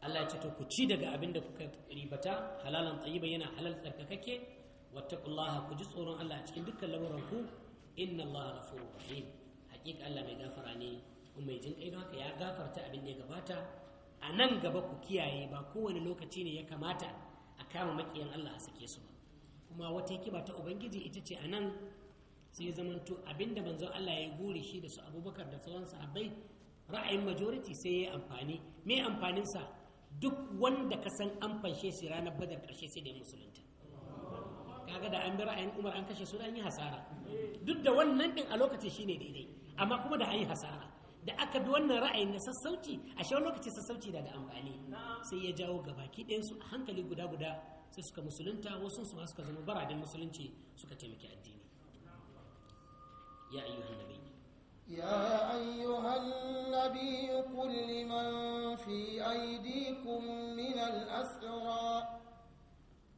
[SPEAKER 1] Allah ya ce to ku ci daga abin da kuka ribata halalan tayyiba yana halal tsarkakakke wattaqullaha ku ji tsoron Allah a cikin dukkan lamuran ku inna Allah ghafurur rahim hakika Allah mai gafara ne kuma mai jin kai don haka ya gafarta abin da ya gabata a nan gaba ku kiyaye ba kowane lokaci ne ya kamata a kama makiyan Allah a sake su ba kuma wata hikima ta ubangiji ita ce a nan sai ya zamanto abinda manzon Allah ya gure shi da su abubakar da sauran sahabbai ra'ayin majority sai ya yi amfani me amfanin sa duk wanda ka san an fanshe shi ranar badar karshe sai da ya musulunta kaga da an bi ra'ayin Umar an kashe su da an yi hasara duk da wannan din a lokacin shine daidai amma kuma da an yi hasara da aka bi wannan ra'ayin na sassauci a shi lokaci sassauci da da amfani sai ya jawo gabaki ɗayansu a hankali guda guda sai suka musulunta wasu su ma suka zama baradin musulunci suka taimaki addini
[SPEAKER 2] يا أيها النبي
[SPEAKER 3] يا أيها النبي قل لمن في أيديكم من الأسرى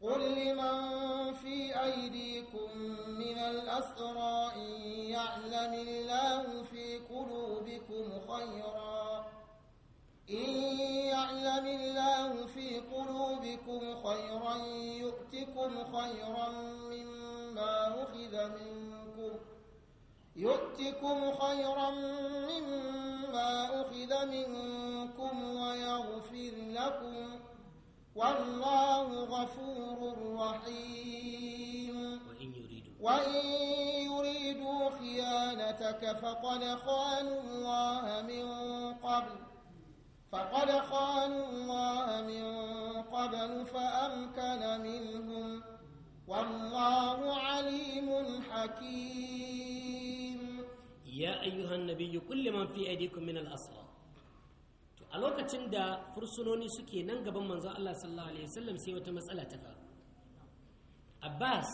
[SPEAKER 3] قل لمن في أيديكم من الأسرى إن يعلم الله في قلوبكم خيرا إن يعلم الله في قلوبكم خيرا يؤتكم خيرا مما أخذ منكم يؤتكم خيرا مما أخذ منكم ويغفر لكم والله غفور رحيم وإن يريدوا, وإن يريدوا خيانتك فقد خانوا الله من قبل فقد خانوا الله من قبل فأمكن منهم والله عليم حكيم
[SPEAKER 1] ya ayyuhan nabiyyu kulli man fi aydikum min al-asra to a lokacin da fursunoni suke nan gaban manzon Allah sallallahu alaihi wasallam sai wata matsala ta faru Abbas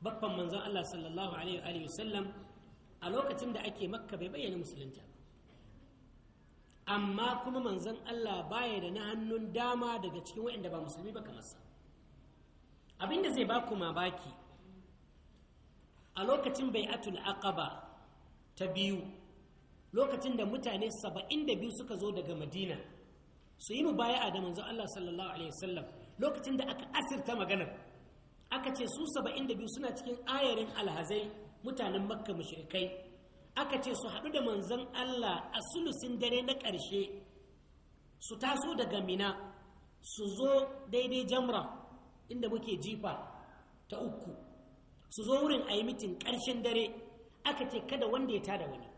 [SPEAKER 1] babban manzon Allah sallallahu alaihi wasallam a lokacin da ake makka bai bayyana musulunta amma kuma manzon Allah baya da na hannun dama daga cikin waɗanda ba musulmi ba kamar sa abinda zai baku baki a lokacin bai bai'atul aqaba ta biyu lokacin da mutane saba'in da biyu suka zo daga madina su yi mu baya a da manzon Allah sallallahu alaihi wasallam lokacin da aka asirta maganar aka ce su saba'in da biyu suna cikin ayarin alhazai mutanen makka mushrikai aka ce su haɗu da manzon Allah a sulusin dare na ƙarshe su taso daga mina su zo daidai jamra inda muke jifa ta uku su zo wurin a yi mitin ƙarshen dare aka ce kada wanda ya tada wani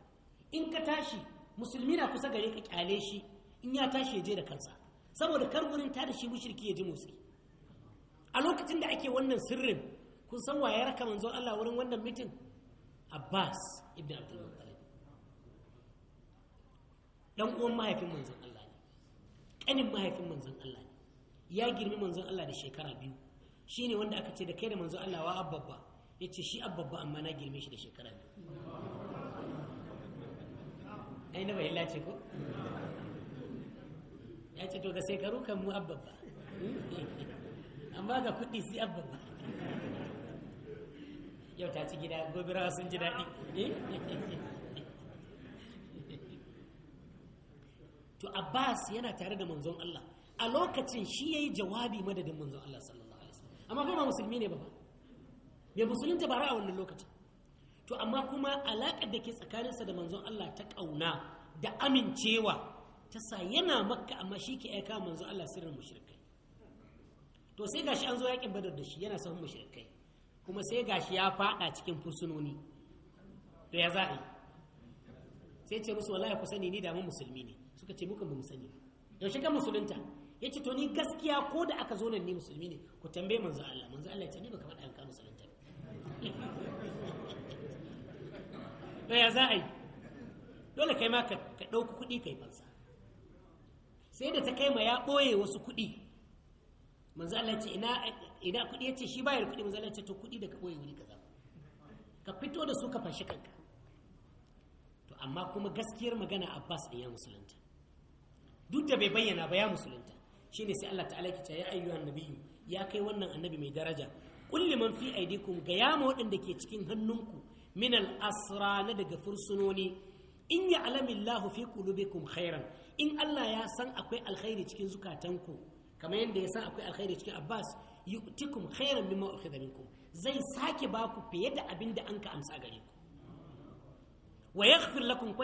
[SPEAKER 1] in ka tashi musulmi na kusa gare ka kyale shi in ya tashi ya je da kansa saboda kar gurin tada shi mushriki ya ji motsi a lokacin da ake wannan sirrin kun san waye raka manzo Allah wurin wannan mitin Abbas ibn Abdul Muttalib dan uwan mahaifin manzon Allah ne kanin mahaifin manzon Allah ne ya girmi manzon Allah da shekara biyu shine wanda aka ce da kai da manzon Allah wa abbabba yace shi abbabba amma na girme shi da shekara biyu ai na lace ko ya ce to da sai karu kan mu abbabba amma ga kuɗi sai ba yau ta ci gida rawa sun ji daɗi to abbas yana tare da manzon allah a lokacin shi ya yi jawabi madadin manzon allah sallallahu
[SPEAKER 2] alaihi wasallam amma ba musulmi
[SPEAKER 1] ne ba ba mai musulunta ba a wannan lokacin to amma kuma alaƙar da ke tsakaninsa da manzon Allah ta ƙauna da amincewa ta sa yana makka amma shi ke aika manzon Allah sirrin mushrikai to sai gashi an zo yakin badar da shi yana son mushrikai kuma sai gashi ya faɗa cikin fursunoni da ya yi. sai ce musu wallahi ku sani ni da mu musulmi ne suka ce muka mu sani yaushe kan musulunta ya ce to ni gaskiya ko da aka zo nan ni musulmi ne ku tambaye manzo Allah manzo Allah ya ce ni baka faɗa an ka musulunta to za a yi dole kai ma ka ɗauki kuɗi kai fansa sai da ta kai ma ya ɓoye wasu kuɗi manzo Allah ina ina kuɗi yace shi bayar kuɗi manzo Allah to kuɗi da ka ɓoye wuri kaza ka fito da su ka fashi kanka to amma kuma gaskiyar magana Abbas ɗin ya musulunta duk da bai bayyana ba ya musulunta ne sai Allah ta'ala ke ce ya ayyuhan ya kai wannan annabi mai daraja kulli man fi aidikum ga yama waɗanda ke cikin hannunku min al-asra na daga fursunoni in ya in Allah ya san akwai sake baku fiye da abin da an ka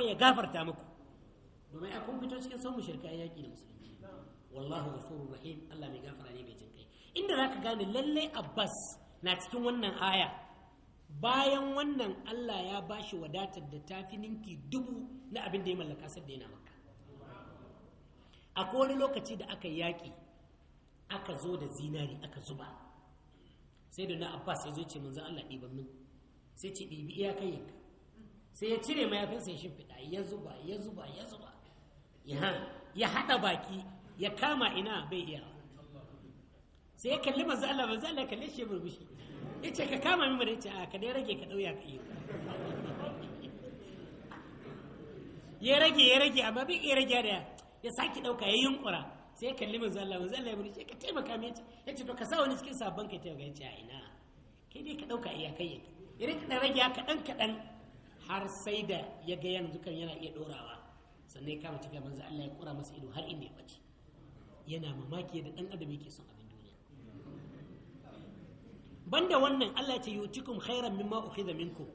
[SPEAKER 1] ya gafarta zaka gane Abbas na cikin wannan aya bayan wannan Allah ya ba shi wadatar da ta fi ninki dubu na abin da ya mallaka sadda yana maka a wani lokaci da aka yaƙi aka zo da zinari aka zuba sai da na abbas ya zo ce manzan Allah ɗiban min sai ce ɗibi iyakan yanka sai ya cire ma ya shimfiɗa ya zuba ya zuba ya zuba ya haɗa baki ya kama ina bai iya sai ya kalli manzan Allah manzan Allah ya kalle shi ya murmushi ya ce ka kama min ya ce a ka dai rage ka ɗauya ka yi
[SPEAKER 2] ya rage ya rage
[SPEAKER 1] amma bai ya rage da ya sake ɗauka ya yunkura sai ya kalli manzo Allah manzo Allah ya bari ka taimaka min ya ce to ka sa wani cikin sabon ka taimaka ya ce a ina kai dai ka ɗauka ya kai ya rage ɗan rage kaɗan kaɗan har sai da ya ga yanzu kan yana iya ɗorawa sannan ya kama cikin manzo Allah ya kura masa ido har inda ya ɓace yana mamaki da ɗan adam yake son banda wannan Allah ce yutikum khairan mimma ukhidha minkum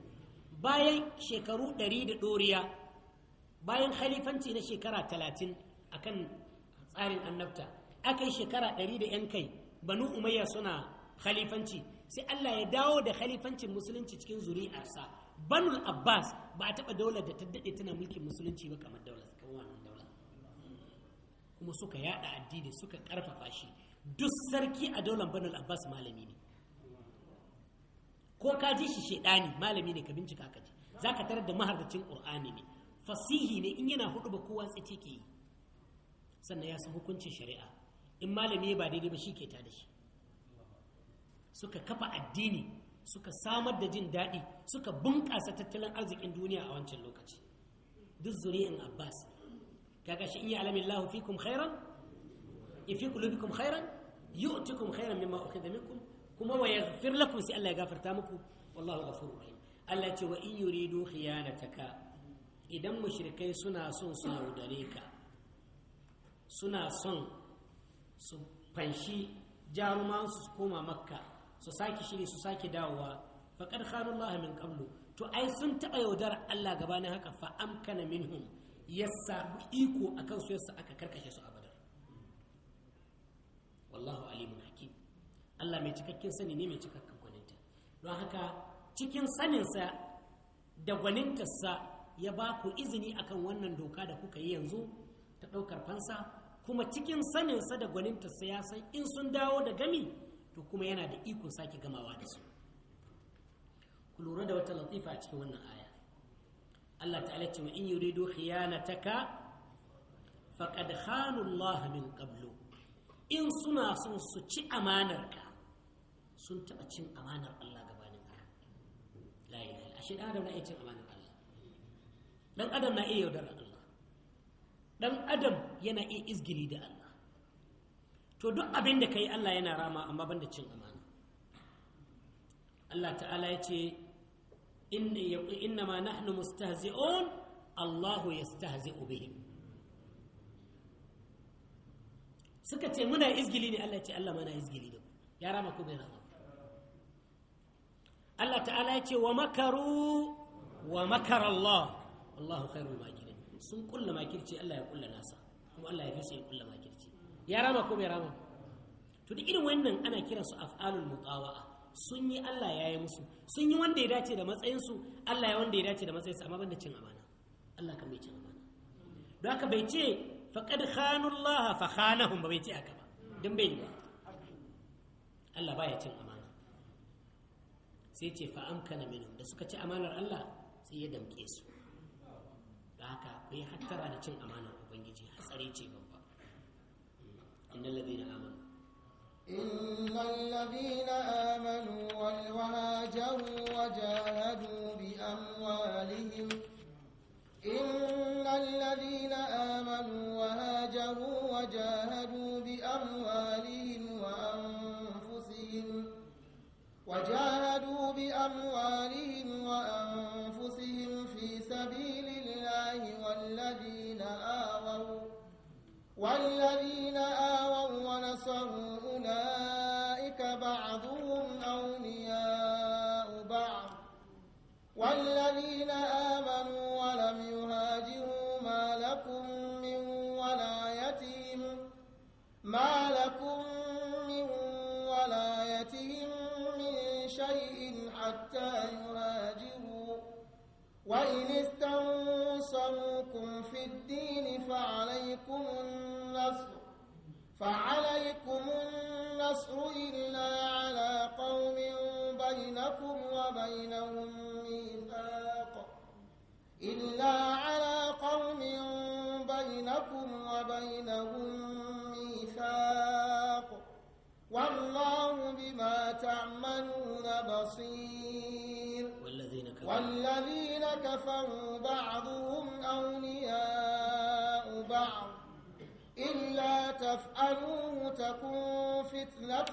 [SPEAKER 1] bayan shekaru 100 da doriya bayan khalifanci na shekara 30 akan tsarin annabta akai shekara 100 da yan kai banu umayya suna khalifanci sai Allah ya dawo da khalifancin musulunci cikin zuri'arsa banul abbas ba a taba daular da ta dade tana mulkin musulunci ba kamar daular wannan daular kuma suka yada addini suka karfafa shi duk sarki a daular banul abbas malami ne ko ka ji shi shedani malami ne ka bincika ka ji zaka tarar da maharracin qur'ani ne fasihi ne in yana hudu ba kowa tsace ke yi sannan ya san hukuncin shari'a in malami ba daidai ba shi ke ta da shi suka kafa addini suka samar da jin daɗi suka bunƙasa tattalin arzikin duniya a wancan lokaci duk zuri'in abbas kaga shi in yi alamin lahu fikum khairan in kulubikum khairan yu'tikum khairan mimma ukhidha minkum yaghfir lakum sai Allah ya gafarta muku wallahu ghafurur rahim Allah ya ce wa in yuridu khiyanataka idan mushrikai suna son su yaudare ka suna son su fanshi jaruman su koma makka su sake shiri su sake dawowa faqad khanu Allah min qablu to ai sun taba yaudar Allah gabanin haka fa amkana minhum ya samu iko akan su yasa aka karkashe su abadar wallahu alimu Allah mai cikakken sani ne mai cikakken gwaninta don haka cikin saninsa da gwanintarsa ya ba ku izini akan wannan doka da kuka yi yanzu ta ɗaukar fansa kuma cikin saninsa da gwanintarsa ya san in sun dawo da gami to kuma yana da ikon sake gamawa da su ku lura da wata latifa a cikin wannan aya Allah ta'ala ce wa in yuridu khiyanataka faqad khanu Allah min qablu in suna son su ci amanar ka. sun taɓa cin amanar Allah gabanin ka la ilaha ashe ɗan adam na iya cin amanar Allah ɗan adam na iya yaudarar Allah ɗan adam yana iya izgiri da Allah to duk abin da kai Allah yana rama amma banda cin amana Allah ta'ala ya ce inna ma nahnu mustahzi'un Allahu yastahzi'u bihim suka ce muna izgili ne Allah ya ce Allah mana izgili da ya rama ko bai rama Allah ta'ala ya ce wa makaru wa makar Allah Allahu khairul makirin sun kulla makirci Allah ya kulla nasa kuma Allah ya fi su ya kulla makirci ya rama ko bai rama to da irin wannan ana kiran su af'alul muqawa'a sun yi Allah ya yi musu sun yi wanda ya dace da matsayinsu Allah ya wanda ya dace da matsayinsu amma banda cin amana Allah kan bai cin amana don haka bai ce faqad khanu Allah fa khanahum bai ce haka ba dan bai yi Allah baya cin amana sai ce fa amkana minhum da suka ci amanar Allah sai ya damke su da haka ku yi hattara da cin amanar ubangiji hatsari ce babba innal na amanu
[SPEAKER 3] innal na amanu wal wahajaru wajahadu bi amwalihim innal na amanu wahajaru wajahadu bi amwalihim وجاهدوا بأموالهم وأنفسهم في سبيل الله والذين آووا والذين آووا ونصروا أولئك بعضهم أولياء بعض والذين آمنوا ولم يهاجروا ما لكم من ولايتهم
[SPEAKER 2] ما لكم
[SPEAKER 3] شيء حتى يهاجروا وإن استنصروكم في الدين فعليكم النصر
[SPEAKER 2] فعليكم
[SPEAKER 3] النصر إلا على قوم بينكم وبينهم ميثاق إلا على قوم بينكم وبينهم والله بما تعملون بصير والذين كفروا, والذين كفروا بعضهم أولياء بعض إلا تفعلوا تكون فتنة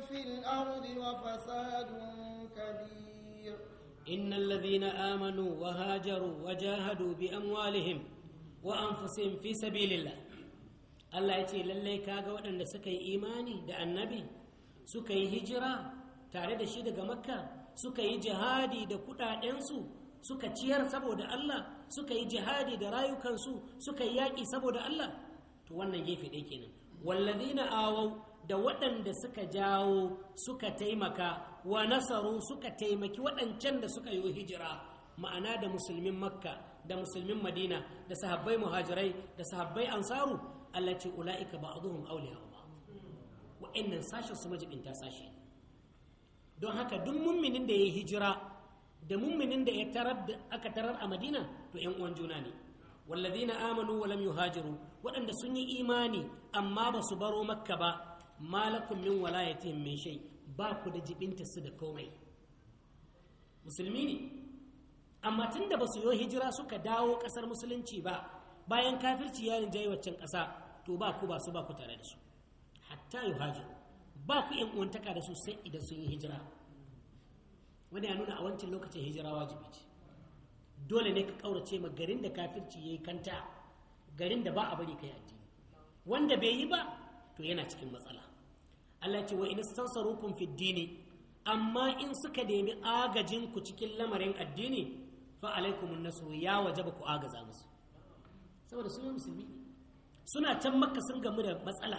[SPEAKER 3] في الأرض وفساد كبير
[SPEAKER 1] إن الذين آمنوا وهاجروا وجاهدوا بأموالهم وأنفسهم في سبيل الله Allah ya ce lallai kaga waɗanda suka yi imani da annabi suka yi hijira tare da shi daga makka suka yi jihadi da kuɗaɗensu suka ciyar saboda Allah suka yi jihadi da rayukansu suka yi yaƙi saboda Allah to wannan gefe ɗaya kenan wallazina awau da waɗanda suka jawo suka taimaka wa nasaru suka taimaki waɗancan da suka yi hijira ma'ana da musulmin makka da musulmin madina da sahabbai muhajirai da sahabbai ansaru Allah ce ula'ika ba'dhum awliya ba wa'annan sashen su majibinta sashe. don haka duk mummunin da ya hijira da mummunin da ya tarar da aka tarar a Madina to 'yan uwan juna ne na amanu wa lam yuhajiru waɗanda sun yi imani amma ba su baro makka ba Malakun min walayatihim min shay ba ku da jibinta su da komai musulmi ne amma tunda ba su yi hijira suka dawo ƙasar musulunci ba bayan kafirci ya rinjaye waccan ƙasa to ba ku ba su ba ku tare da su hatta yi hajiru ba ku yan uwantaka da su sai idan sun yi hijira wani ya nuna a wancan lokacin hijira wajibi ce dole ne ka ƙaurace ma garin da kafirci ya yi kanta garin da ba a bari kai addini wanda bai yi ba to yana cikin matsala Allah ce wa in istansarukum fiddi dini amma in suka nemi agajin ku cikin lamarin addini fa alaikumun nasu ya wajaba ku agaza musu saboda yi musulmi suna can makka sun gamu da matsala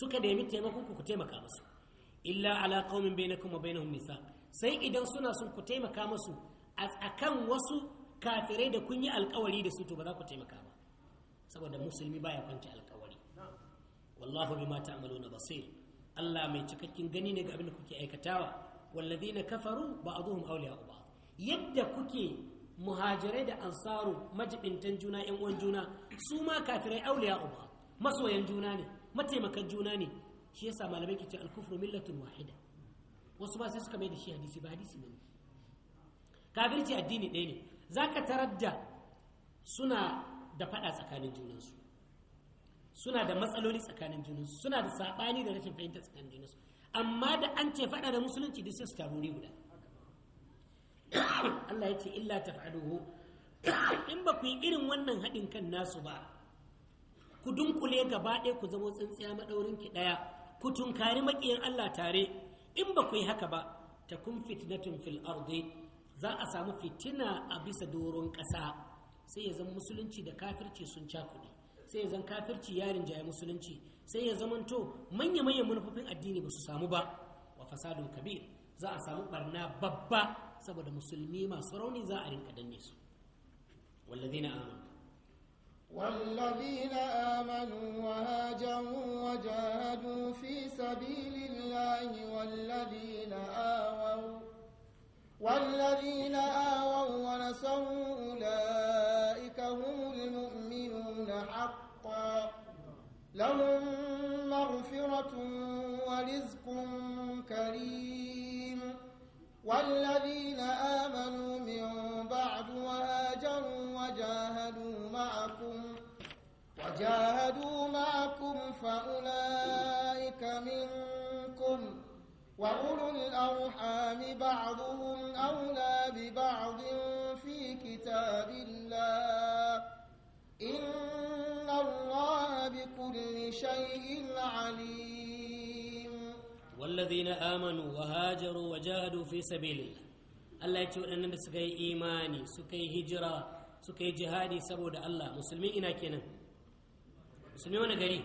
[SPEAKER 1] suka nemi taimakon ku ku taimaka musu illa ala qaumin bainakum wa bainahum mithaq sai idan suna son ku taimaka musu a akan wasu kafirai da kun yi alkawari da su to ba za ku taimaka ba saboda musulmi baya kwanci alkawari wallahu bima ta'maluna basir Allah mai cikakken gani ne ga abin da kuke aikatawa walladhina kafaru ba'dhum awliya'u ba'd yadda kuke muhajirai da ansaru majibintan juna yan uwan juna su ma kafirai auliya uba masoyan juna ne mataimakan juna ne shi yasa malamai ke ce alkufru millatun wahida wasu ba sai suka mai da shi hadisi ba hadisi ne kafirci addini ɗaya ne zaka tarar da suna da faɗa tsakanin junansu suna da matsaloli tsakanin junansu suna da saɓani da rashin fahimta tsakanin junansu amma da an ce faɗa da musulunci duk sai su taruri guda Allah ya ce illa taf'aluhu in ba ku yi irin wannan haɗin kan nasu ba ku dunkule gaba ɗaya ku zamo tsintsiya maɗaurin ki ɗaya ku tunkari maƙiyan Allah tare in ba ku yi haka ba ta kun fitnatun fil ardi za a samu fitina a bisa doron ƙasa sai ya zama musulunci da kafirci sun cakuɗe sai ya zama kafirci yarin jaya musulunci sai ya zama to manya manyan manufofin addini ba su samu ba wa fasadun kabir za a samu ɓarna babba saboda musulmi masu rauni za a rinka danne su والذين آمنوا
[SPEAKER 3] والذين آمنوا وهاجروا وجاهدوا في سبيل الله والذين آووا والذين آووا ونصروا أولئك هم المؤمنون حقا لهم مغفرة ورزق كريم والذين آمنوا من بعد وهاجروا وجاهدوا معكم وجاهدوا معكم فأولئك منكم وأولو الأرحام بعضهم
[SPEAKER 1] ladina amanu wa hajaru wa jahadu fi sabilillah Allah ya ce waɗannan da suka yi imani suka yi hijira suka yi jihadi saboda Allah musulmi ina kenan musulmi wani gari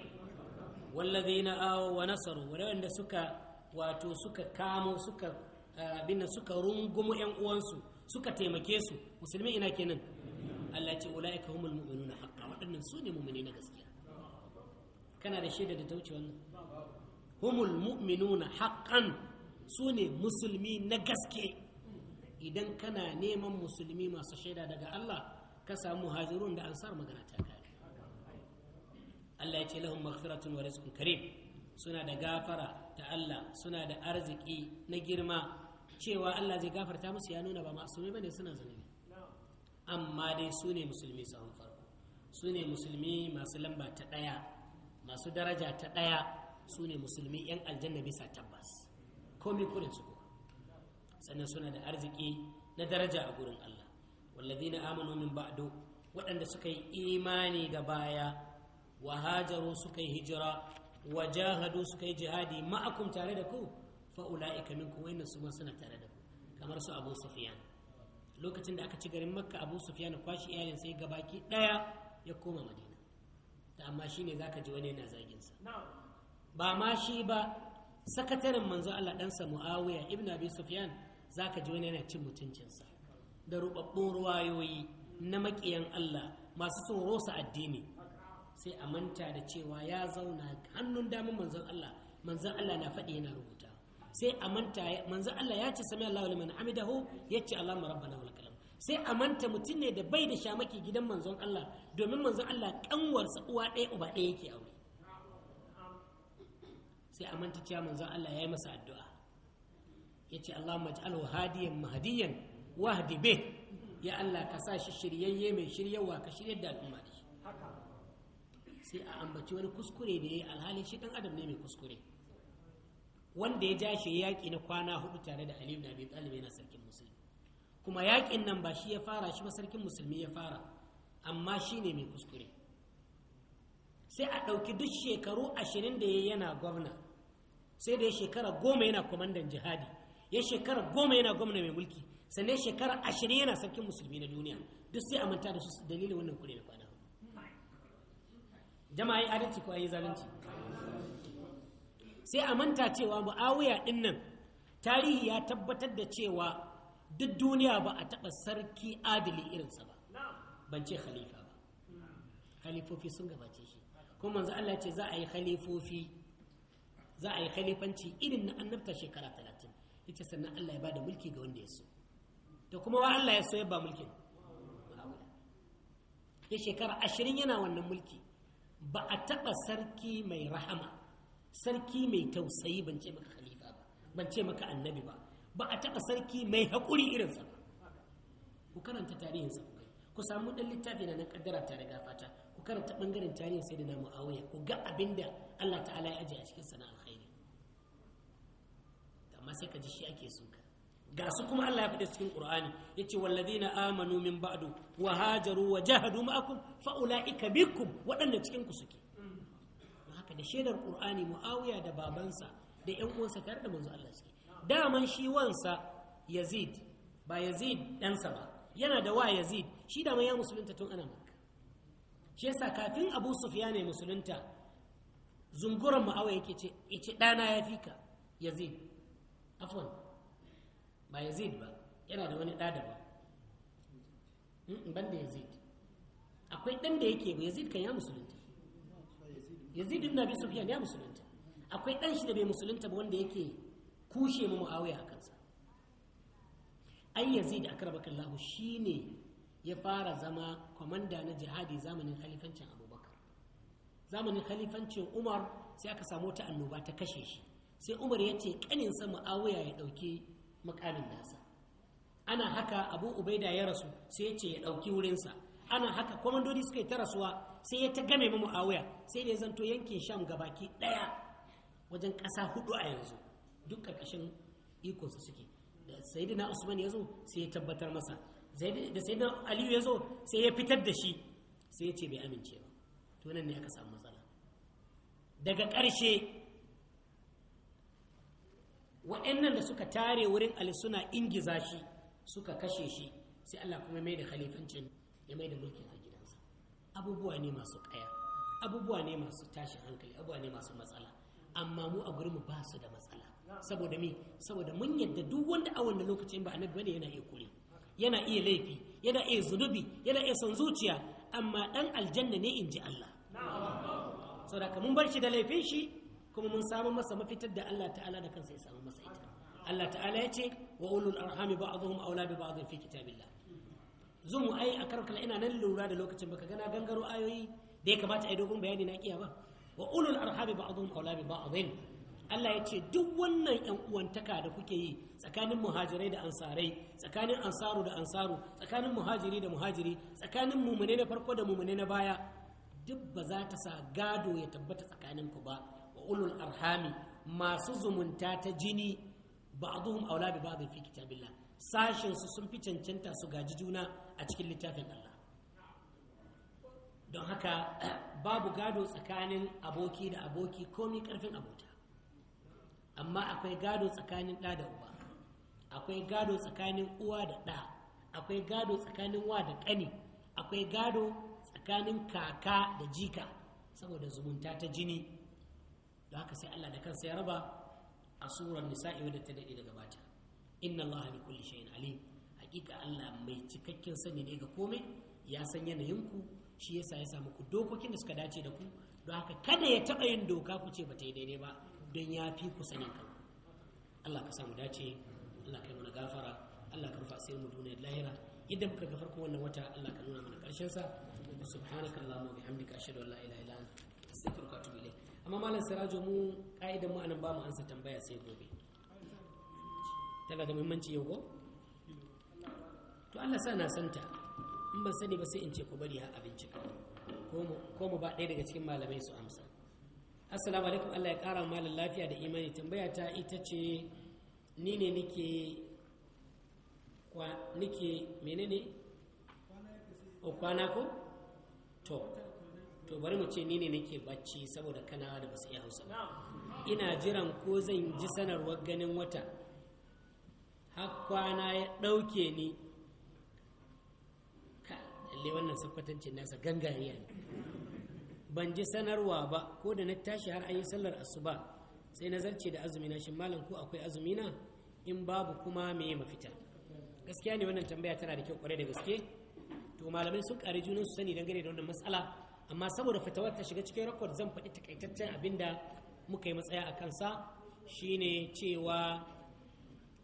[SPEAKER 1] wallazina awo wa nasaru waɗanda suka wato suka kamo suka eh, abinda suka rungumu ƴan uwansu suka taimake su musulmi ina kenan Allah ce ulaika humul mu'minuna haqqan waɗannan su ne mu'mini na gaskiya kana da shaida da ta wannan humul mu'minuna haqqan su ne musulmi na gaske idan kana neman musulmi masu shaida daga Allah ka samu hajirun da ansar magana ta kare Allah ya ce lahum maghfiratun wa rizqun karim suna da gafara ta Allah suna da arziki na girma cewa Allah zai gafarta musu ya nuna ba masumi bane suna zunubi amma dai su ne musulmi sahun farko su ne musulmi masu lamba ta ɗaya masu daraja ta ɗaya su ne musulmi 'yan aljanna bisa tabbas komi kurin su kuwa sannan suna da arziki na daraja a gurin Allah wallazina amanu min bado waɗanda suka yi imani da baya wa hajaru suka yi hijira wa jahadu suka yi jihadi ma'akum tare da ku fa ula'ika minkum wayannan su suna tare da ku kamar su Abu Sufyan lokacin da aka ci garin Makka Abu kwashe kwashi iyalin sai gabaki ɗaya ya koma Madina ta amma shine zaka ji wani yana zagin sa ba ma shi ba sakataren manzo Allah ɗansa Muawiya ibn Abi Sufyan zaka ji wani yana cin mutuncinsa da rubabbun ruwayoyi na makiyan Allah masu tsoro sa addini sai a manta da cewa ya zauna hannun damin manzon Allah manzon Allah na faɗi yana rubuta sai a manta manzon Allah ya ce sami Allahu liman amidahu ya ce Allahumma rabbana wal kalam sai a manta mutum ne da bai da shamaki gidan manzon Allah domin manzon Allah kanwarsa uwa ɗaya uba ɗaya yake aure sai a manta cewa manzon Allah ya yi masa addu'a ya ce Allah maj'alhu hadiyan mahdiyan wahdi bih ya Allah ka sa shi shiryayye mai shiryawa ka shiryar da al'umma da shi sai a ambaci wani kuskure da ya yi shi dan adam ne mai kuskure wanda ya jashe shi yaƙi na kwana hudu tare da Aliyu da Abi Talib yana sarkin musulmi kuma yaƙin nan ba shi ya fara shi ba sarkin musulmi ya fara amma shi ne mai kuskure sai a ɗauki duk shekaru ashirin da ya yana gwamna sai da ya shekara goma yana kwamandan jihadi ya shekara goma yana gwamna mai mulki sannan shekara ashirin yana sarkin musulmi na duniya duk sai a manta da su dalilin wannan kure na kwana jama'a yi adalci ko yi zalunci sai a manta cewa mu'awiya din nan tarihi ya tabbatar da cewa duk duniya ba a taɓa sarki adali irinsa ba ban ce khalifa ba khalifofi sun gabace shi kuma manzo Allah ce za a yi khalifofi za a yi khalifanci irin na annabta shekara talatin yace sannan Allah ya bada mulki ga wanda ya so da kuma wa Allah ya so ya ba mulkin ya shekara ashirin yana wannan mulki ba a taɓa sarki mai rahama sarki mai tausayi ban ce maka khalifa ba ban ce maka annabi ba ba a taɓa sarki mai haƙuri irinsa ba ku karanta tarihinsa ku kai ku samu ɗan littafi na nan ƙaddara tare da fata ku karanta ɓangaren tarihin sai da na mu'awiya ku ga abin da Allah ta'ala ya ajiye a cikin sana'a. amma sai ka ji shi ake ka ga su kuma Allah ya faɗi cikin Qur'ani yace walladina amanu min ba'du wa hajaru wa jahadu ma'akum fa ulaika bikum waɗanda cikin ku suke haka da shaidar Qur'ani Muawiya da babansa da ƴan uwansa tare da manzo Allah suke daman shi wansa Yazid ba Yazid ɗansa ba yana da wa Yazid shi da ya musulunta tun ana Makka shi yasa kafin Abu Sufyan ya musulunta zunguran Muawiya yake ce ice ɗana ya fika Yazid afwan ba yazid ba yana da wani ɗa ba hmm, ban da yazid akwai ɗan da yake yazid kan ya musulunta yazid ibn abi sufyan ya musulunta akwai ɗan shi da bai musulunta ba wanda yake kushe mu muawiya akan sa? ai yazid shi shine ya fara zama kwamanda na jihadi zamanin khalifancin abubakar zamanin khalifancin umar sai aka samu ta annoba ta kashe shi sai umar ya ce kaninsa mu'awuya ya ɗauki makamin nasa ana haka abu ubaida ya rasu sai ya ce ya ɗauki wurinsa ana haka kwamandodi suka yi ta rasuwa sai ya ta game ma mu'awiya sai da ya zanto yankin sham gabaki ɗaya wajen ƙasa hudu a yanzu duk ƙarƙashin ikonsa suke da sayyidina usman ya zo sai ya tabbatar masa da sayyidina aliyu ya zo sai ya fitar da shi sai ya ce bai amince ba to nan ne aka samu matsala daga ƙarshe wa'annan da suka tare wurin alisuna suna ingiza suka kashe shi sai Allah kuma mai da khalifancin ya mai da mulkin a gidansa abubuwa ne masu kaya abubuwa ne masu tashin hankali abubuwa ne masu matsala amma mu a mu ba su da matsala saboda mi saboda mun yadda duk wanda a wannan lokacin ba annabi bane yana iya kuli yana iya laifi yana iya zunubi yana iya son zuciya amma dan aljanna ne in ji Allah saboda mun bar shi da laifin shi kuma mun samu masa mafitar da Allah ta'ala da kansa ya samu masa ita Allah ta'ala ya ce wa ulul arhami ba'dhum Aula bi ba'd fi kitabillah zumu ai a karkala ina nan lura da lokacin baka gana gangaro ayoyi da ya kamata ai dogon bayani na kiya ba wa ulul arhami ba'dhum Aula bi ba'd Allah ya ce duk wannan ‘yan uwantaka da kuke yi tsakanin muhajirai da ansarai, tsakanin ansaru da ansaru, tsakanin muhajiri da muhajiri, tsakanin mumune na farko da mumune na baya, duk ba za ta sa gado ya tabbata tsakaninku ba, ulul arhami masu zumunta ta jini zuhun aula bi ba'd fi kitabillah sashen su sun fi cancanta su gaji juna a cikin littafin Allah don haka babu gado tsakanin aboki da aboki komi karfin abota amma akwai gado tsakanin ɗa da uba akwai gado tsakanin uwa da ɗa akwai gado tsakanin wa da ƙani akwai gado tsakanin kaka da jika saboda zumunta ta jini da haka sai Allah da kansa ya raba a surar nisa'i wadda ta daɗe daga bata inna Allah bi kulli shay'in alim hakika Allah mai cikakken sani ne ga komai ya san yanayin ku shi yasa ya samu ku dokokin da suka dace da ku don haka kada ya taɓa yin doka ku ce bata yi daidai ba don ya fi ku sanin kanku Allah ka samu dace Allah ka yi mana gafara Allah ka rufa sai mu duniyar lahira yadda muka ga farko wannan wata Allah ka nuna mana karshen sa subhanakallahumma wa bihamdika ashhadu an la ilaha illa anta astaghfiruka wa atubu ilayk amma malam sirajo mu ka'idan mu anan ba mu ansa tambaya sai gobe tana da muhimmanci yau ko to Allah sa na santa in ban sani ba sai in ce ku bari ha abinci ko mu ba ɗaya daga cikin malamai su amsa assalamu alaikum Allah ya kara malam lafiya da imani tambaya ta ita ce ni ne nike kwa nike menene o oh, kwana ko to to bari mu ce ni ne nake bacci saboda kanawa da basu iya hausa ina jiran ko zan ji sanarwar ganin wata hakwana ya ɗauke ni ka lalle wannan sakwatancin nasa gangariya ne ban ji sanarwa ba ko da na tashi har an yi sallar asuba sai na zarce da azumina shin malam ko akwai azumina in babu kuma me mafita gaskiya ne wannan tambaya tana da kyau kwarai da gaske to malamai sun ƙari junan su sani dangane da wannan matsala amma saboda fitawar ta shiga cikin rakwar zan faɗi takaitaccen abinda muka yi matsaya a kansa shine cewa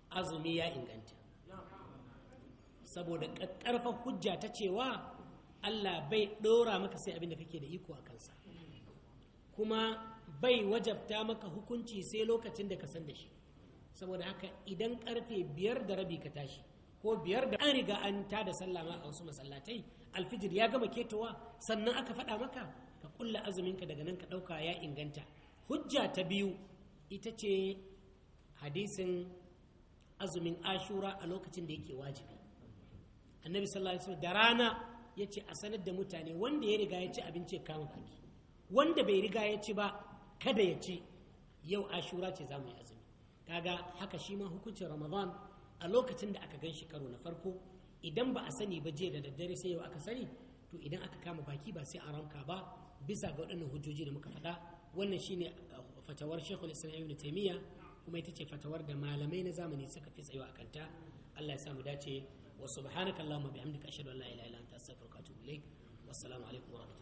[SPEAKER 1] azumi ya inganta saboda ƙarfafa hujja ta cewa allah bai ɗora maka sai abinda kake da iko a kansa kuma bai wajabta maka hukunci sai lokacin da ka san da shi saboda haka idan karfe biyar da rabi ka tashi ko biyar da an riga an ta da sallah ma a wasu masallatai alfijir ya gama ketowa sannan aka faɗa maka ka kulla azuminka daga nan ka ɗauka ya inganta hujja ta biyu ita ce hadisin azumin ashura a lokacin da yake wajibi annabi sallallahu alaihi wasallam da rana ya a sanar da mutane wanda ya riga ya ci abinci ya kama baki wanda bai riga ya ci ba kada ya ci yau ashura ce za mu yi azumi kaga haka shi ma hukuncin ramadan a lokacin da aka gan karo na farko idan ba a sani ba jiya da daddare sai yau aka sani to idan aka kama baki ba sai a ramka ba bisa ga waɗannan hujjoji da muka faɗa wannan shine uh, fatawar shekul islam ibn taimiyya kuma ita ce fatawar da malamai na zamani suka fi tsayo a kanta allah ya sa mu dace wa subhanakallahumma bihamdika ashhadu
[SPEAKER 2] an la ilaha illa anta astaghfiruka wa atubu ilaik wassalamu alaikum wa